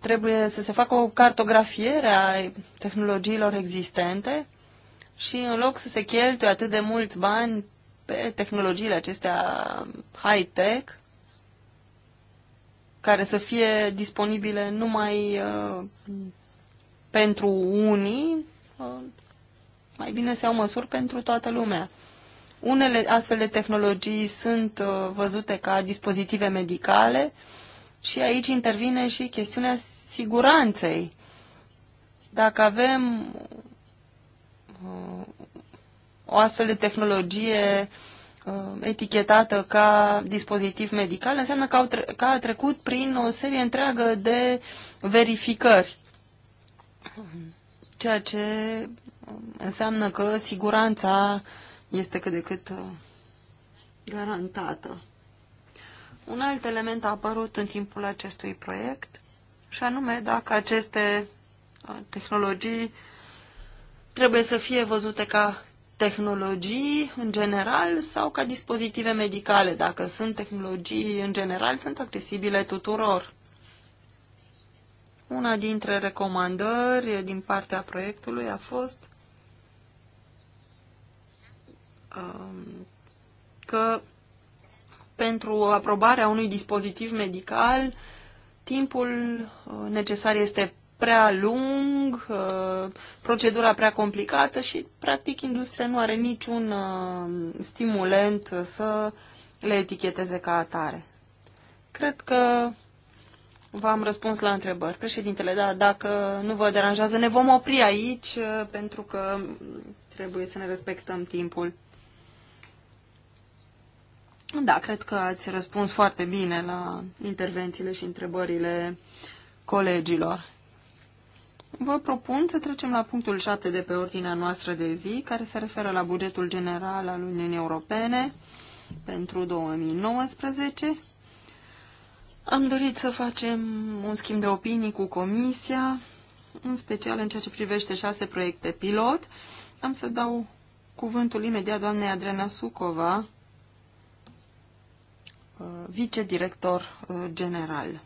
Trebuie să se facă o cartografiere a tehnologiilor existente și în loc să se cheltuie atât de mulți bani pe tehnologiile acestea high-tech, care să fie disponibile numai uh, pentru unii, uh, mai bine se iau măsuri pentru toată lumea. Unele astfel de tehnologii sunt uh, văzute ca dispozitive medicale și aici intervine și chestiunea siguranței. Dacă avem o astfel de tehnologie uh, Uh, etichetată ca dispozitiv medical, înseamnă că, au tre- că a trecut prin o serie întreagă de verificări. Ceea ce uh, înseamnă că siguranța este cât de cât uh, garantată. Un alt element a apărut în timpul acestui proiect și anume dacă aceste tehnologii trebuie să fie văzute ca tehnologii în general sau ca dispozitive medicale. Dacă sunt tehnologii în general, sunt accesibile tuturor. Una dintre recomandări din partea proiectului a fost um, că pentru aprobarea unui dispozitiv medical, timpul uh, necesar este prea lung, uh, procedura prea complicată și, practic, industria nu are niciun uh, stimulent să le eticheteze ca atare. Cred că v-am răspuns la întrebări. Președintele, da, dacă nu vă deranjează, ne vom opri aici uh, pentru că trebuie să ne respectăm timpul. Da, cred că ați răspuns foarte bine la intervențiile și întrebările colegilor. Vă propun să trecem la punctul 7 de pe ordinea noastră de zi, care se referă la bugetul general al Uniunii Europene pentru 2019. Am dorit să facem un schimb de opinii cu Comisia, în special în ceea ce privește șase proiecte pilot. Am să dau cuvântul imediat doamnei Adrena Sucova, uh, vicedirector uh, general.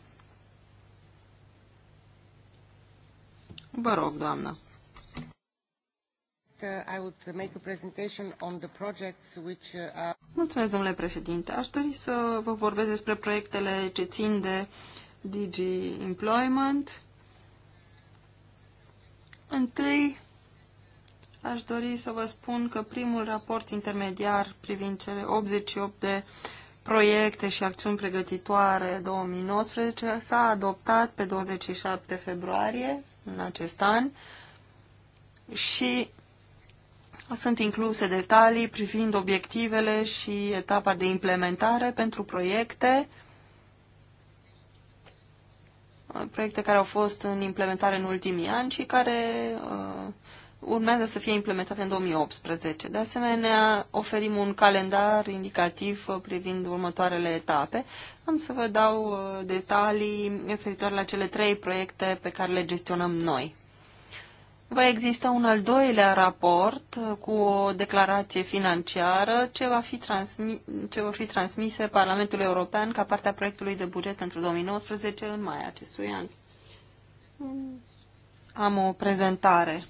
Vă rog, doamnă. Mulțumesc, domnule președinte. Aș dori să vă vorbesc despre proiectele ce țin de DG Employment. Întâi, aș dori să vă spun că primul raport intermediar privind cele 88 de proiecte și acțiuni pregătitoare 2019 s-a adoptat pe 27 februarie în acest an și sunt incluse detalii privind obiectivele și etapa de implementare pentru proiecte, proiecte care au fost în implementare în ultimii ani și care uh, urmează să fie implementate în 2018. De asemenea, oferim un calendar indicativ uh, privind următoarele etape. Am să vă dau uh, detalii referitor la cele trei proiecte pe care le gestionăm noi. Va exista un al doilea raport uh, cu o declarație financiară ce va fi, transmi- ce va fi transmise Parlamentului European ca parte a proiectului de buget pentru 2019 în mai acestui an. Mm. Am o prezentare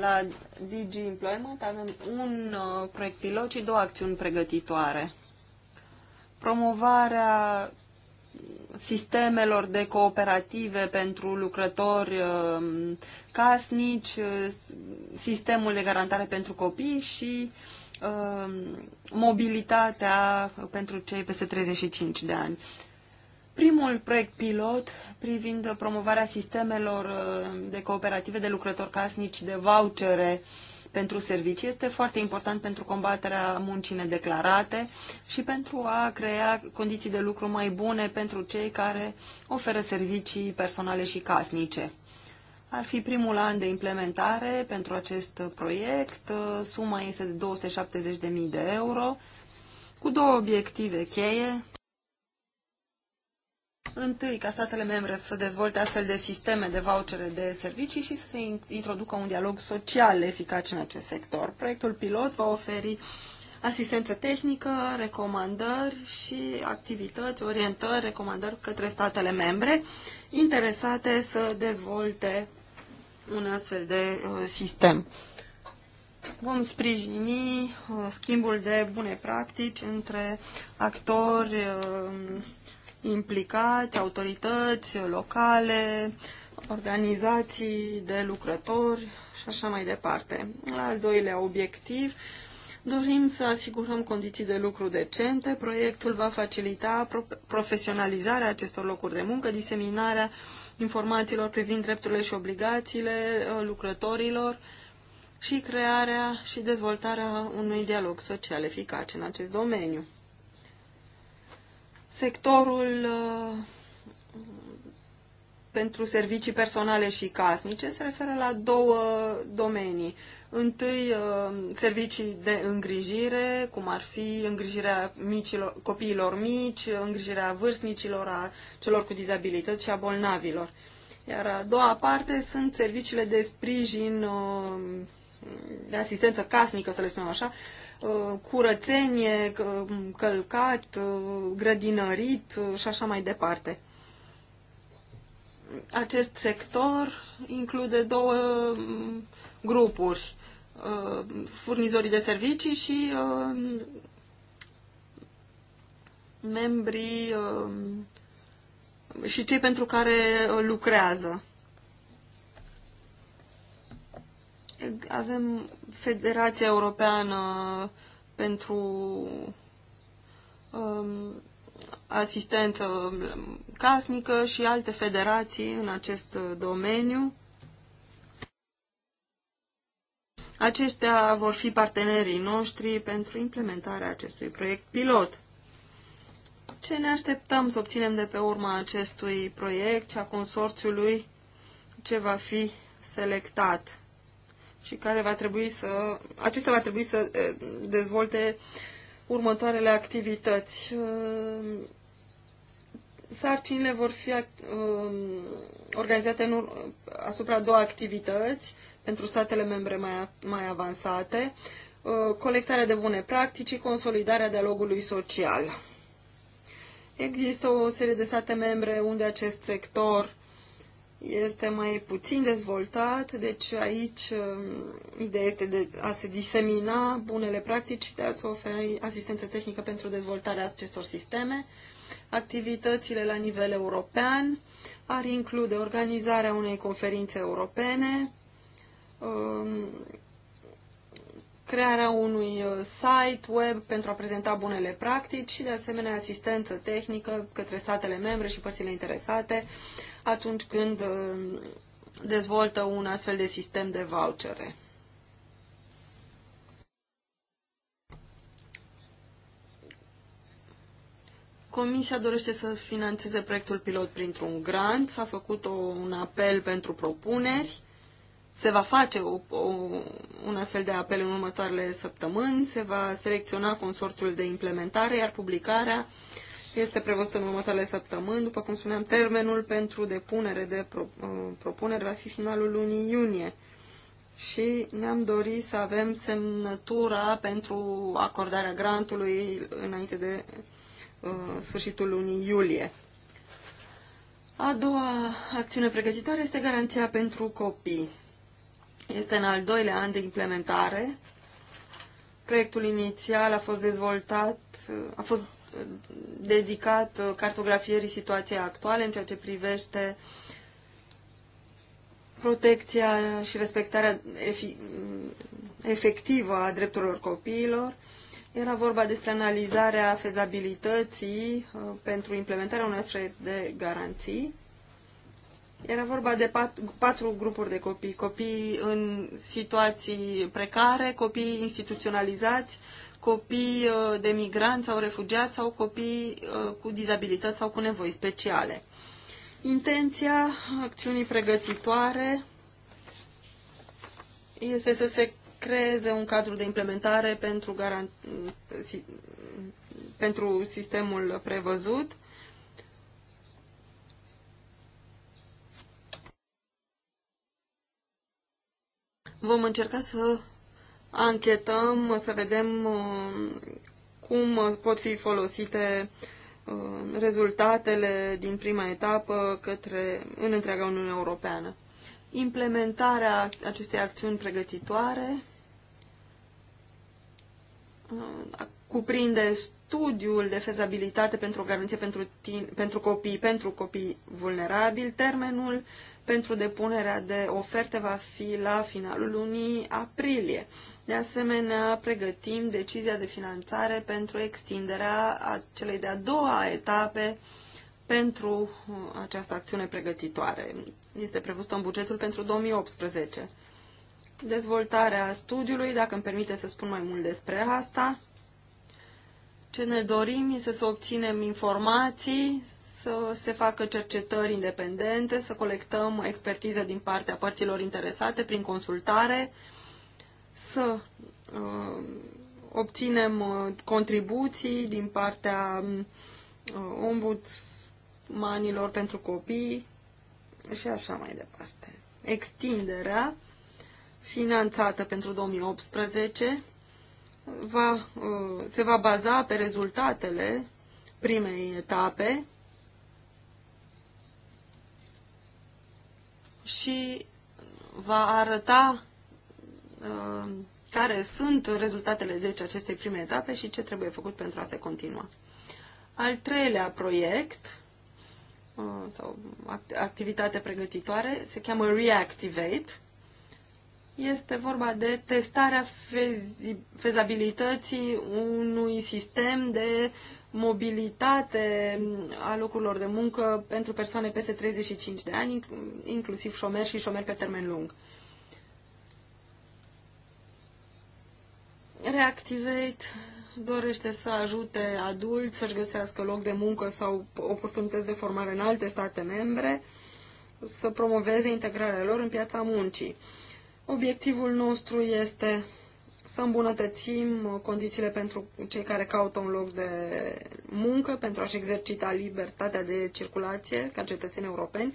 la Digi Employment avem un uh, proiect pilot și două acțiuni pregătitoare. Promovarea sistemelor de cooperative pentru lucrători um, casnici, uh, sistemul de garantare pentru copii și um, mobilitatea pentru cei peste 35 de ani. Primul proiect pilot privind promovarea sistemelor uh, de cooperative de lucrători casnici de vouchere pentru servicii este foarte important pentru combaterea muncii nedeclarate și pentru a crea condiții de lucru mai bune pentru cei care oferă servicii personale și casnice. Ar fi primul an de implementare pentru acest proiect. Uh, suma este de 270.000 de euro, cu două obiective cheie. Întâi, ca statele membre să dezvolte astfel de sisteme de vouchere de servicii și să se introducă un dialog social eficace în acest sector. Proiectul pilot va oferi asistență tehnică, recomandări și activități, orientări, recomandări către statele membre interesate să dezvolte un astfel de uh, sistem. Vom sprijini uh, schimbul de bune practici între actori uh, implicați, autorități locale, organizații de lucrători și așa mai departe. La al doilea obiectiv, dorim să asigurăm condiții de lucru decente. Proiectul va facilita profesionalizarea acestor locuri de muncă, diseminarea informațiilor privind drepturile și obligațiile uh, lucrătorilor și crearea și dezvoltarea unui dialog social eficace în acest domeniu. Sectorul uh, pentru servicii personale și casnice se referă la două domenii. Întâi, uh, servicii de îngrijire, cum ar fi îngrijirea micilor, copiilor mici, îngrijirea vârstnicilor, a celor cu dizabilități și a bolnavilor. Iar a doua parte sunt serviciile de sprijin, uh, de asistență casnică, să le spunem așa, Uh, curățenie, mm, călcat, uh, grădinărit uh, și așa mai departe. Acest sector include două mm, grupuri, furnizorii de servicii și membrii și cei pentru care lucrează. Avem Federația Europeană pentru um, asistență casnică și alte federații în acest domeniu. Acestea vor fi partenerii noștri pentru implementarea acestui proiect pilot. Ce ne așteptăm să obținem de pe urma acestui proiect și a consorțiului ce va fi selectat? și care va trebui să, acesta va trebui să eh, dezvolte următoarele activități. Eh, sarcinile vor fi eh, organizate asupra două activități pentru statele membre mai, mai avansate, colectarea de bune practici și consolidarea dialogului social. Există o serie de state membre unde acest sector este mai puțin dezvoltat, deci aici um, ideea este de a se disemina bunele practici și de a se oferi asistență tehnică pentru dezvoltarea acestor sisteme. Activitățile la nivel european ar include organizarea unei conferințe europene, um, crearea unui uh, site web pentru a prezenta bunele practici și, de asemenea, asistență tehnică către statele membre și părțile interesate atunci când uh, dezvoltă un astfel de sistem de vouchere. Comisia dorește să financeze proiectul pilot printr-un grant, s-a făcut o, un apel pentru propuneri, se va face o, o, un astfel de apel în următoarele săptămâni, se va selecționa consorțiul de implementare, iar publicarea uh, este prevăzut în următoarele săptămâni. După cum spuneam, termenul pentru depunere de pro, uh, propunere va fi finalul lunii iunie. Și ne-am dorit să avem semnătura pentru acordarea grantului înainte de uh, sfârșitul lunii iulie. A doua acțiune pregătitoare este garanția pentru copii. Este în al doilea an de implementare. Proiectul inițial a fost dezvoltat, uh, a fost dedicat uh, cartografierii situației actuale în ceea ce privește protecția și respectarea efectivă a drepturilor copiilor. Era vorba despre analizarea fezabilității uh, pentru implementarea unei astfel de garanții. Era vorba de patru, patru grupuri de copii. Copii în situații precare, copii instituționalizați, copii uh, de migranți sau refugiați sau copii uh, cu dizabilități sau cu nevoi speciale. Intenția acțiunii pregătitoare este să se creeze un cadru de implementare pentru, pentru sistemul prevăzut Vom încerca să anchetăm, să vedem uh, cum pot fi folosite uh, rezultatele din prima etapă către, în întreaga Uniune Europeană. Implementarea acestei acțiuni pregătitoare Uh, cuprinde studiul de fezabilitate pentru o garanție pentru, tine, pentru copii, pentru copii vulnerabili. Termenul pentru depunerea de oferte va fi la finalul lunii aprilie. De asemenea, pregătim decizia de finanțare pentru extinderea celei de-a doua etape pentru uh, această acțiune pregătitoare. Este prevăzută în bugetul pentru 2018 dezvoltarea studiului, dacă îmi permite să spun mai mult despre asta. Ce ne dorim este să obținem informații, să se facă cercetări independente, să colectăm expertiză din partea părților interesate prin consultare, să uh, obținem uh, contribuții din partea uh, ombudsmanilor pentru copii și așa mai departe. Extinderea finanțată pentru 2018 va, uh, se va baza pe rezultatele primei etape și va arăta uh, care sunt rezultatele deci acestei prime etape și ce trebuie făcut pentru a se continua. Al treilea proiect uh, sau activitate pregătitoare se cheamă Reactivate este vorba de testarea fezabilității unui sistem de mobilitate a locurilor de muncă pentru persoane peste 35 de ani, inclusiv șomeri și șomeri pe termen lung. Reactivate dorește să ajute adulți să-și găsească loc de muncă sau oportunități de formare în alte state membre, să promoveze integrarea lor în piața muncii. Obiectivul nostru este să îmbunătățim condițiile pentru cei care caută un loc de muncă, pentru a-și exercita libertatea de circulație ca cetățeni europeni,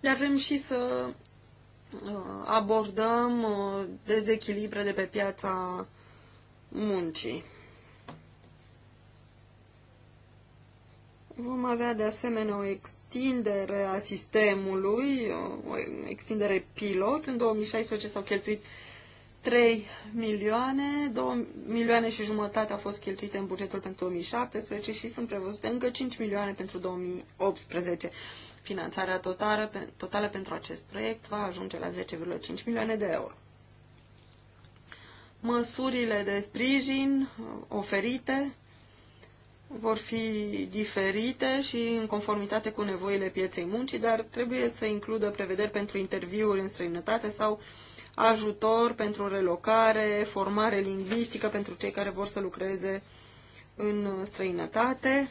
dar vrem și să uh, abordăm uh, dezechilibre de pe piața muncii. Vom avea de asemenea o, ex- extindere a sistemului, o extindere pilot. În 2016 s-au cheltuit 3 milioane, 2 milioane și jumătate au fost cheltuite în bugetul pentru 2017 și sunt prevăzute încă 5 milioane pentru 2018. Finanțarea totală, totală pentru acest proiect va ajunge la 10,5 milioane de euro. Măsurile de sprijin uh, oferite vor fi diferite și în conformitate cu nevoile pieței muncii, dar trebuie să includă prevederi pentru interviuri în străinătate sau ajutor pentru relocare, formare lingvistică pentru cei care vor să lucreze în străinătate.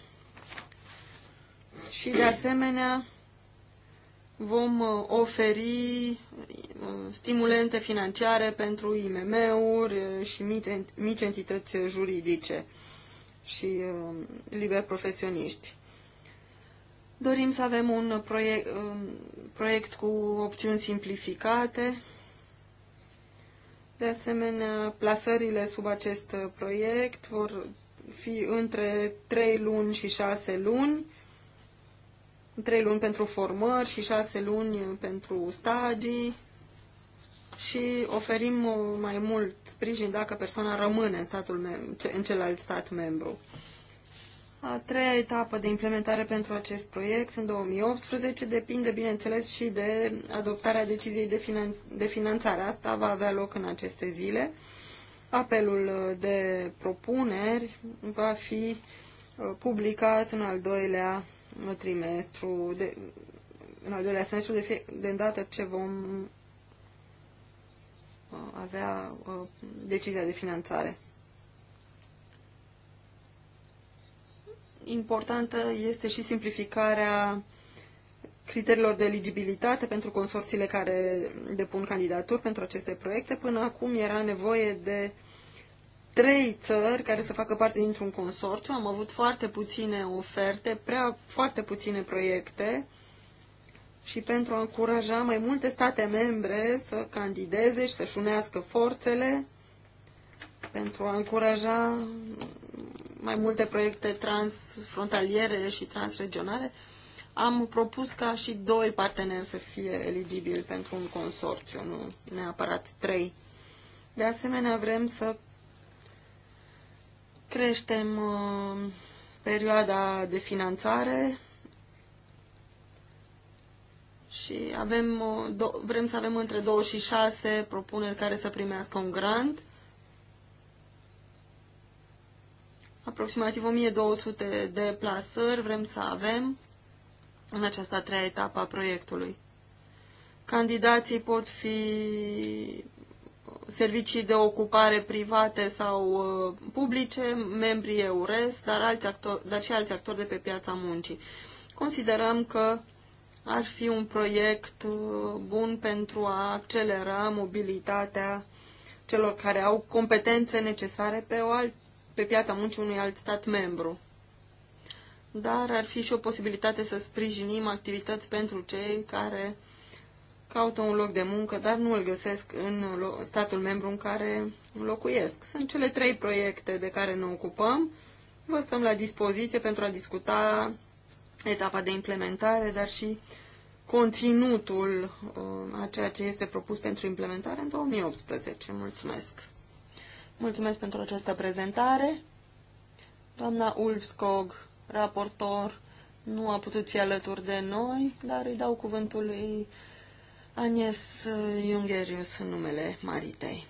Și de asemenea vom uh, oferi uh, stimulente financiare pentru IMM-uri uh, și mici entități juridice și uh, liberi profesioniști. Dorim să avem un proiect, uh, um, proiect cu opțiuni simplificate. De asemenea, plasările sub acest proiect vor fi între 3 luni și 6 luni, 3 luni pentru formări și 6 luni pentru stagii și oferim mai mult sprijin dacă persoana rămâne în, statul în celălalt stat membru. A treia etapă de implementare pentru acest proiect în 2018 depinde, bineînțeles, și de adoptarea deciziei de, finan- de finanțare. Asta va avea loc în aceste zile. Apelul de propuneri va fi uh, publicat în al doilea uh, trimestru, de, în al doilea semestru, de, fie, de îndată ce vom Uh, avea uh, decizia de finanțare. Importantă este și simplificarea criteriilor de eligibilitate pentru consorțiile care depun candidaturi pentru aceste proiecte. Până acum era nevoie de trei țări care să facă parte dintr-un consorțiu. Am avut foarte puține oferte, prea foarte puține proiecte și pentru a încuraja mai multe state membre să candideze și să-și unească forțele, pentru a încuraja mai multe proiecte transfrontaliere și transregionale, am propus ca și doi parteneri să fie eligibili pentru un consorțiu, nu neapărat trei. De asemenea, vrem să creștem uh, perioada de finanțare și avem, do, vrem să avem între 2 și 6 propuneri care să primească un grant. Aproximativ 1200 de plasări vrem să avem în această a treia etapă a proiectului. Candidații pot fi servicii de ocupare private sau uh, publice, membrii EURES, dar, alți actori, dar și alți actori de pe piața muncii. Considerăm că ar fi un proiect uh, bun pentru a accelera mobilitatea celor care au competențe necesare pe, o alt, pe piața muncii unui alt stat membru. Dar ar fi și o posibilitate să sprijinim activități pentru cei care caută un loc de muncă, dar nu îl găsesc în statul membru în care locuiesc. Sunt cele trei proiecte de care ne ocupăm. Vă stăm la dispoziție pentru a discuta etapa de implementare, dar și conținutul uh, a ceea ce este propus pentru implementare în 2018. Mulțumesc! Mulțumesc pentru această prezentare. Doamna Ulfskog, raportor, nu a putut fi alături de noi, dar îi dau cuvântul lui Agnes Jungerius în numele Maritei.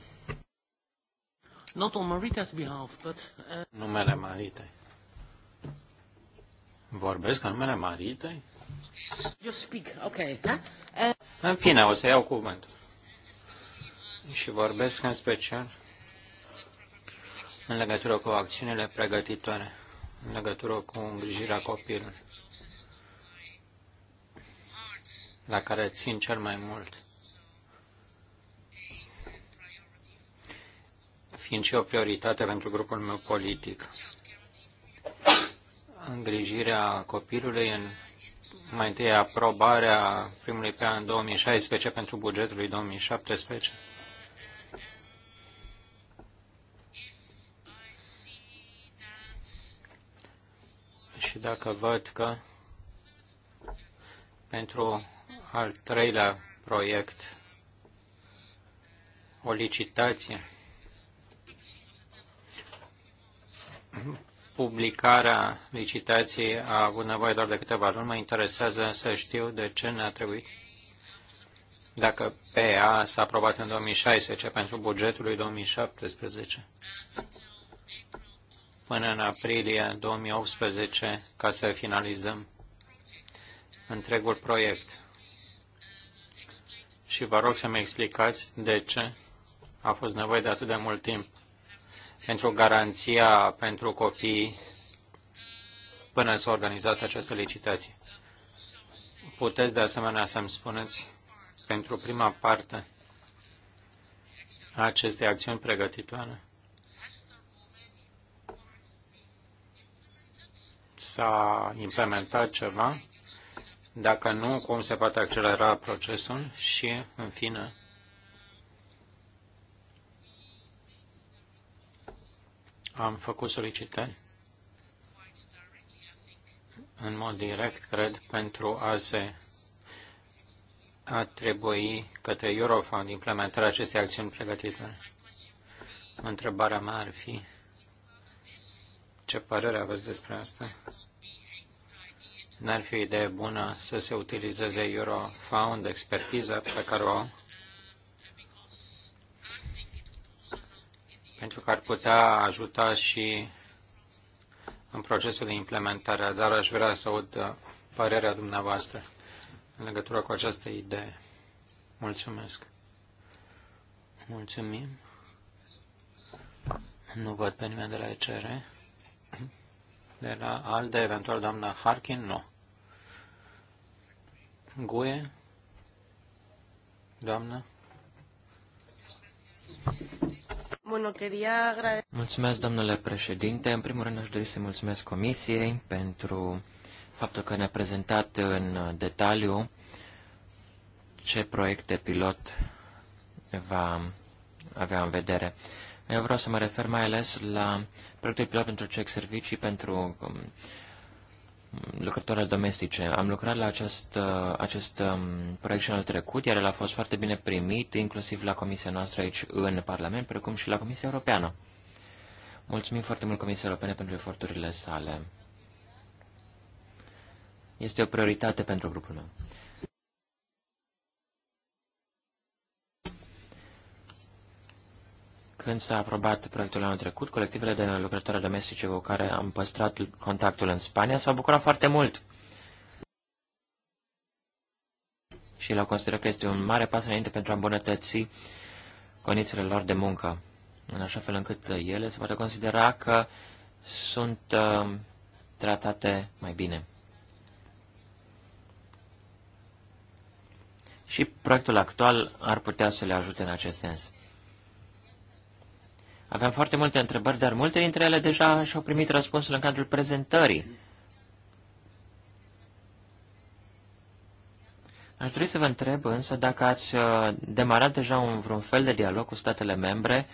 Not on Marita's behalf, but... Uh... Numele Maritei. Vorbesc în numele maritei? You speak, ok? Huh? Da? Eh, uh... În fine, o să iau cuvântul. Și vorbesc în special în legătură cu acțiunile pregătitoare, în legătură cu îngrijirea copilului, la care țin cel mai mult. Fiind și o prioritate pentru grupul meu politic îngrijirea copilului în mai întâi aprobarea primului pe an 2016 pentru bugetul lui 2017. Și dacă văd că pentru al treilea proiect o licitație publicarea licitației a avut nevoie doar de câteva luni. Mă interesează să știu de ce ne-a trebuit dacă PA s-a aprobat în 2016 pentru bugetul lui 2017 până în aprilie 2018 ca să finalizăm întregul proiect. Și vă rog să-mi explicați de ce a fost nevoie de atât de mult timp pentru garanția pentru copii până s-a organizat această licitație. Puteți de asemenea să-mi spuneți pentru prima parte a acestei acțiuni pregătitoare? S-a implementat ceva? Dacă nu, cum se poate accelera procesul? Și, în fine, am făcut solicitări în mod direct, cred, pentru a se a trebui către Eurofund implementarea acestei acțiuni pregătitoare. Întrebarea mea ar fi ce părere aveți despre asta? N-ar fi o idee bună să se utilizeze Eurofound, expertiza pe care o au, pentru că ar putea ajuta și în procesul de implementare, dar aș vrea să aud uh, părerea dumneavoastră în legătură cu această idee. Mulțumesc. Mulțumim. Nu văd pe nimeni de la ECR. De la ALDE, eventual doamna Harkin, nu. Guie, Doamna? Mulțumesc, domnule președinte. În primul rând, aș dori să mulțumesc Comisiei pentru faptul că ne-a prezentat în detaliu ce proiecte pilot va avea în vedere. Eu vreau să mă refer mai ales la proiectul pilot pentru CEC Servicii, pentru um, lucrătoare domestice. Am lucrat la acest, acest um, proiect și anul trecut, iar el a fost foarte bine primit, inclusiv la comisia noastră aici în Parlament, precum și la Comisia Europeană. Mulțumim foarte mult Comisiei Europene pentru eforturile sale. Este o prioritate pentru grupul meu. Când s-a aprobat proiectul anul trecut, colectivele de lucrători domestice cu care am păstrat contactul în Spania s-au bucurat foarte mult și l-au considerat că este un mare pas înainte pentru a îmbunătăți condițiile lor de muncă, în așa fel încât ele se poate considera că sunt uh, tratate mai bine. Și proiectul actual ar putea să le ajute în acest sens. Aveam foarte multe întrebări, dar multe dintre ele deja și-au primit răspunsul în cadrul prezentării. Aș dori să vă întreb însă dacă ați uh, demarat deja un vreun fel de dialog cu statele membre,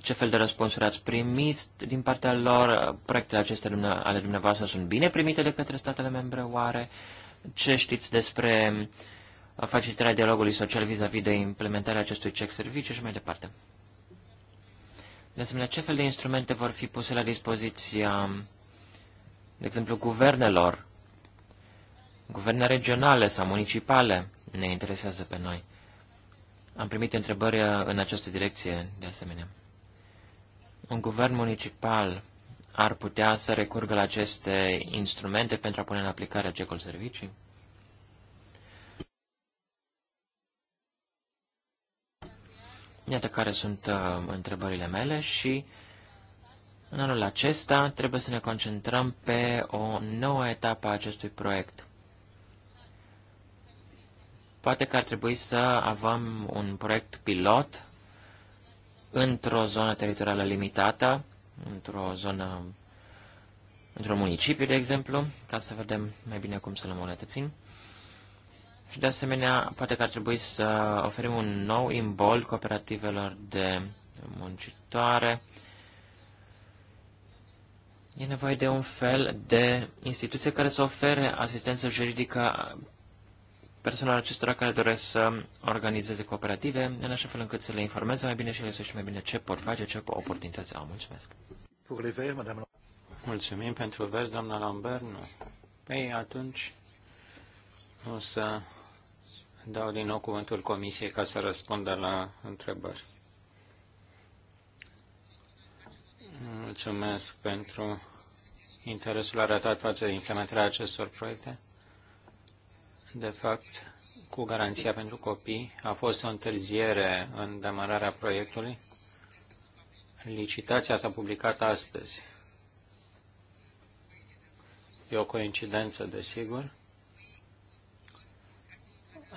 ce fel de răspunsuri ați primit din partea lor, proiectele acestea ale dumneavoastră sunt bine primite de către statele membre, oare? Ce știți despre uh, facilitarea dialogului social vis-a-vis -vis de implementarea acestui check serviciu și mai departe? De asemenea, ce fel de instrumente vor fi puse la dispoziția, de exemplu, guvernelor, guverne regionale sau municipale, ne interesează pe noi. Am primit întrebări uh, în această direcție, de asemenea. Un guvern municipal ar putea să recurgă la aceste instrumente pentru a pune în aplicare acecul servicii? Iată care sunt uh, întrebările mele și în anul acesta trebuie să ne concentrăm pe o nouă etapă a acestui proiect. Poate că ar trebui să avem un proiect pilot într-o zonă teritorială limitată, într-o zonă, într-un municipiu, de exemplu, ca să vedem mai bine cum să-l îmbunătățim. Și de asemenea, poate că ar trebui să oferim un nou imbol cooperativelor de muncitoare. E nevoie de un fel de instituție care să ofere asistență juridică persoanelor acestora care doresc să organizeze cooperative, în așa fel încât să le informeze mai bine și le să știe mai bine ce pot face, ce oportunități au. Mulțumesc! Mulțumim pentru vers, doamna Lambert. Nu. Ei, păi, atunci o să dau din nou cuvântul Comisiei ca să răspundă la întrebări. Mulțumesc pentru interesul arătat față de implementarea acestor proiecte. De fapt, cu garanția pentru copii a fost o întârziere în demararea proiectului. Licitația s-a publicat astăzi. E o coincidență, desigur.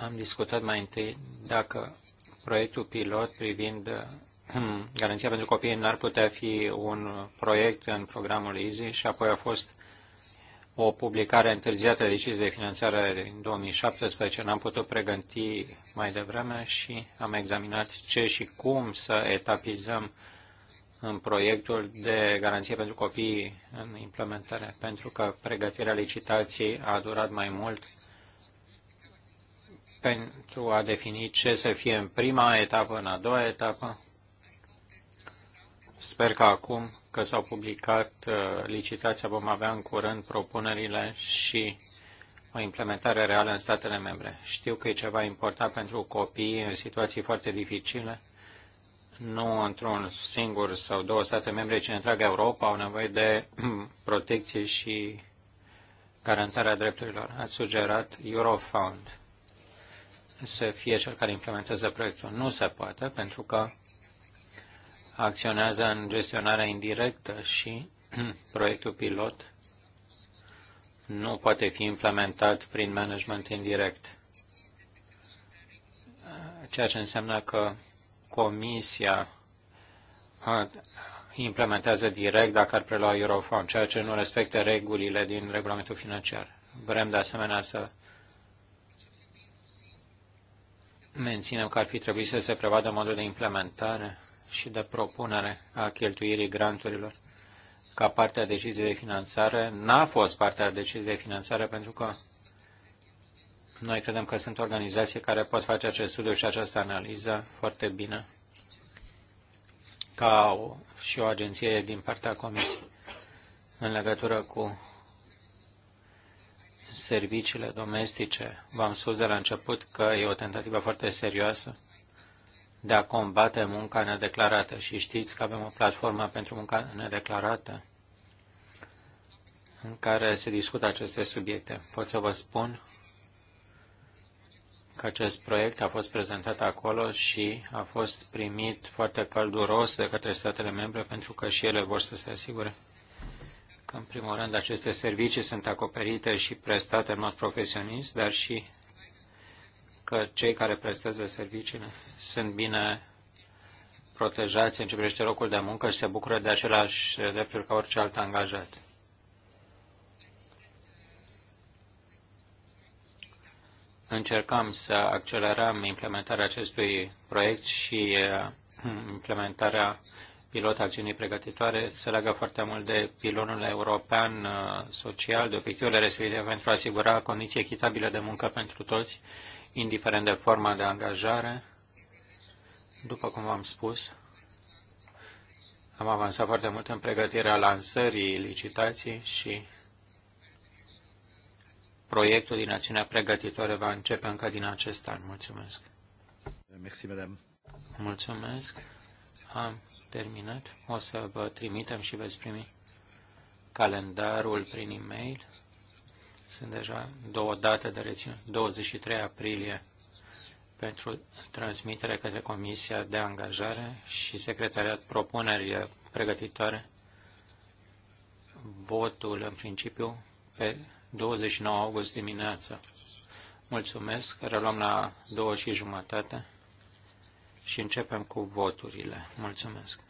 Am discutat mai întâi dacă proiectul pilot privind garanția pentru copii n-ar putea fi un proiect în programul EASY și apoi a fost o publicare întârziată de decizie de finanțare din 2017. N-am putut pregăti mai devreme și am examinat ce și cum să etapizăm în proiectul de garanție pentru copii în implementare, pentru că pregătirea licitației a durat mai mult pentru a defini ce să fie în prima etapă, în a doua etapă. Sper că acum că s-au publicat uh, licitația vom avea în curând propunerile și o implementare reală în statele membre. Știu că e ceva important pentru copii în situații foarte dificile, nu într-un singur sau două state membre, ci în întreaga Europa au nevoie de protecție și garantarea drepturilor. Ați sugerat Eurofound să fie cel care implementează proiectul. Nu se poate, pentru că acționează în gestionarea indirectă și proiectul pilot nu poate fi implementat prin management indirect. Ceea ce înseamnă că comisia implementează direct dacă ar prelua Eurofond, ceea ce nu respectă regulile din regulamentul financiar. Vrem de asemenea să menținem că ar fi trebuit să se prevadă modul de implementare și de propunere a cheltuirii granturilor ca parte a deciziei de finanțare. N-a fost parte a deciziei de finanțare pentru că noi credem că sunt organizații care pot face acest studiu și această analiză foarte bine ca o, și o agenție din partea Comisiei în legătură cu serviciile domestice. V-am spus de la început că e o tentativă foarte serioasă de a combate munca nedeclarată și știți că avem o platformă pentru munca nedeclarată în care se discută aceste subiecte. Pot să vă spun că acest proiect a fost prezentat acolo și a fost primit foarte călduros de către statele membre pentru că și ele vor să se asigure în primul rând, aceste servicii sunt acoperite și prestate în mod profesionist, dar și că cei care prestează serviciile sunt bine protejați în ce privește locul de muncă și se bucură de același drepturi ca orice alt angajat. Încercăm să accelerăm implementarea acestui proiect și eh, implementarea pilot acțiunii pregătitoare se leagă foarte mult de pilonul european uh, social, de obiectivele respective pentru a asigura condiții echitabile de muncă pentru toți, indiferent de forma de angajare. După cum v-am spus, am avansat foarte mult în pregătirea lansării licitației și proiectul din acțiunea pregătitoare va începe încă din acest an. Mulțumesc. Merci, madame. Mulțumesc. Am terminat. O să vă trimitem și veți primi calendarul prin e-mail. Sunt deja două date de reținut. 23 aprilie pentru transmitere către Comisia de Angajare și Secretariat propuneri pregătitoare. Votul, în principiu, pe 29 august dimineață. Mulțumesc. Reluăm la două și jumătate și începem cu voturile. Mulțumesc.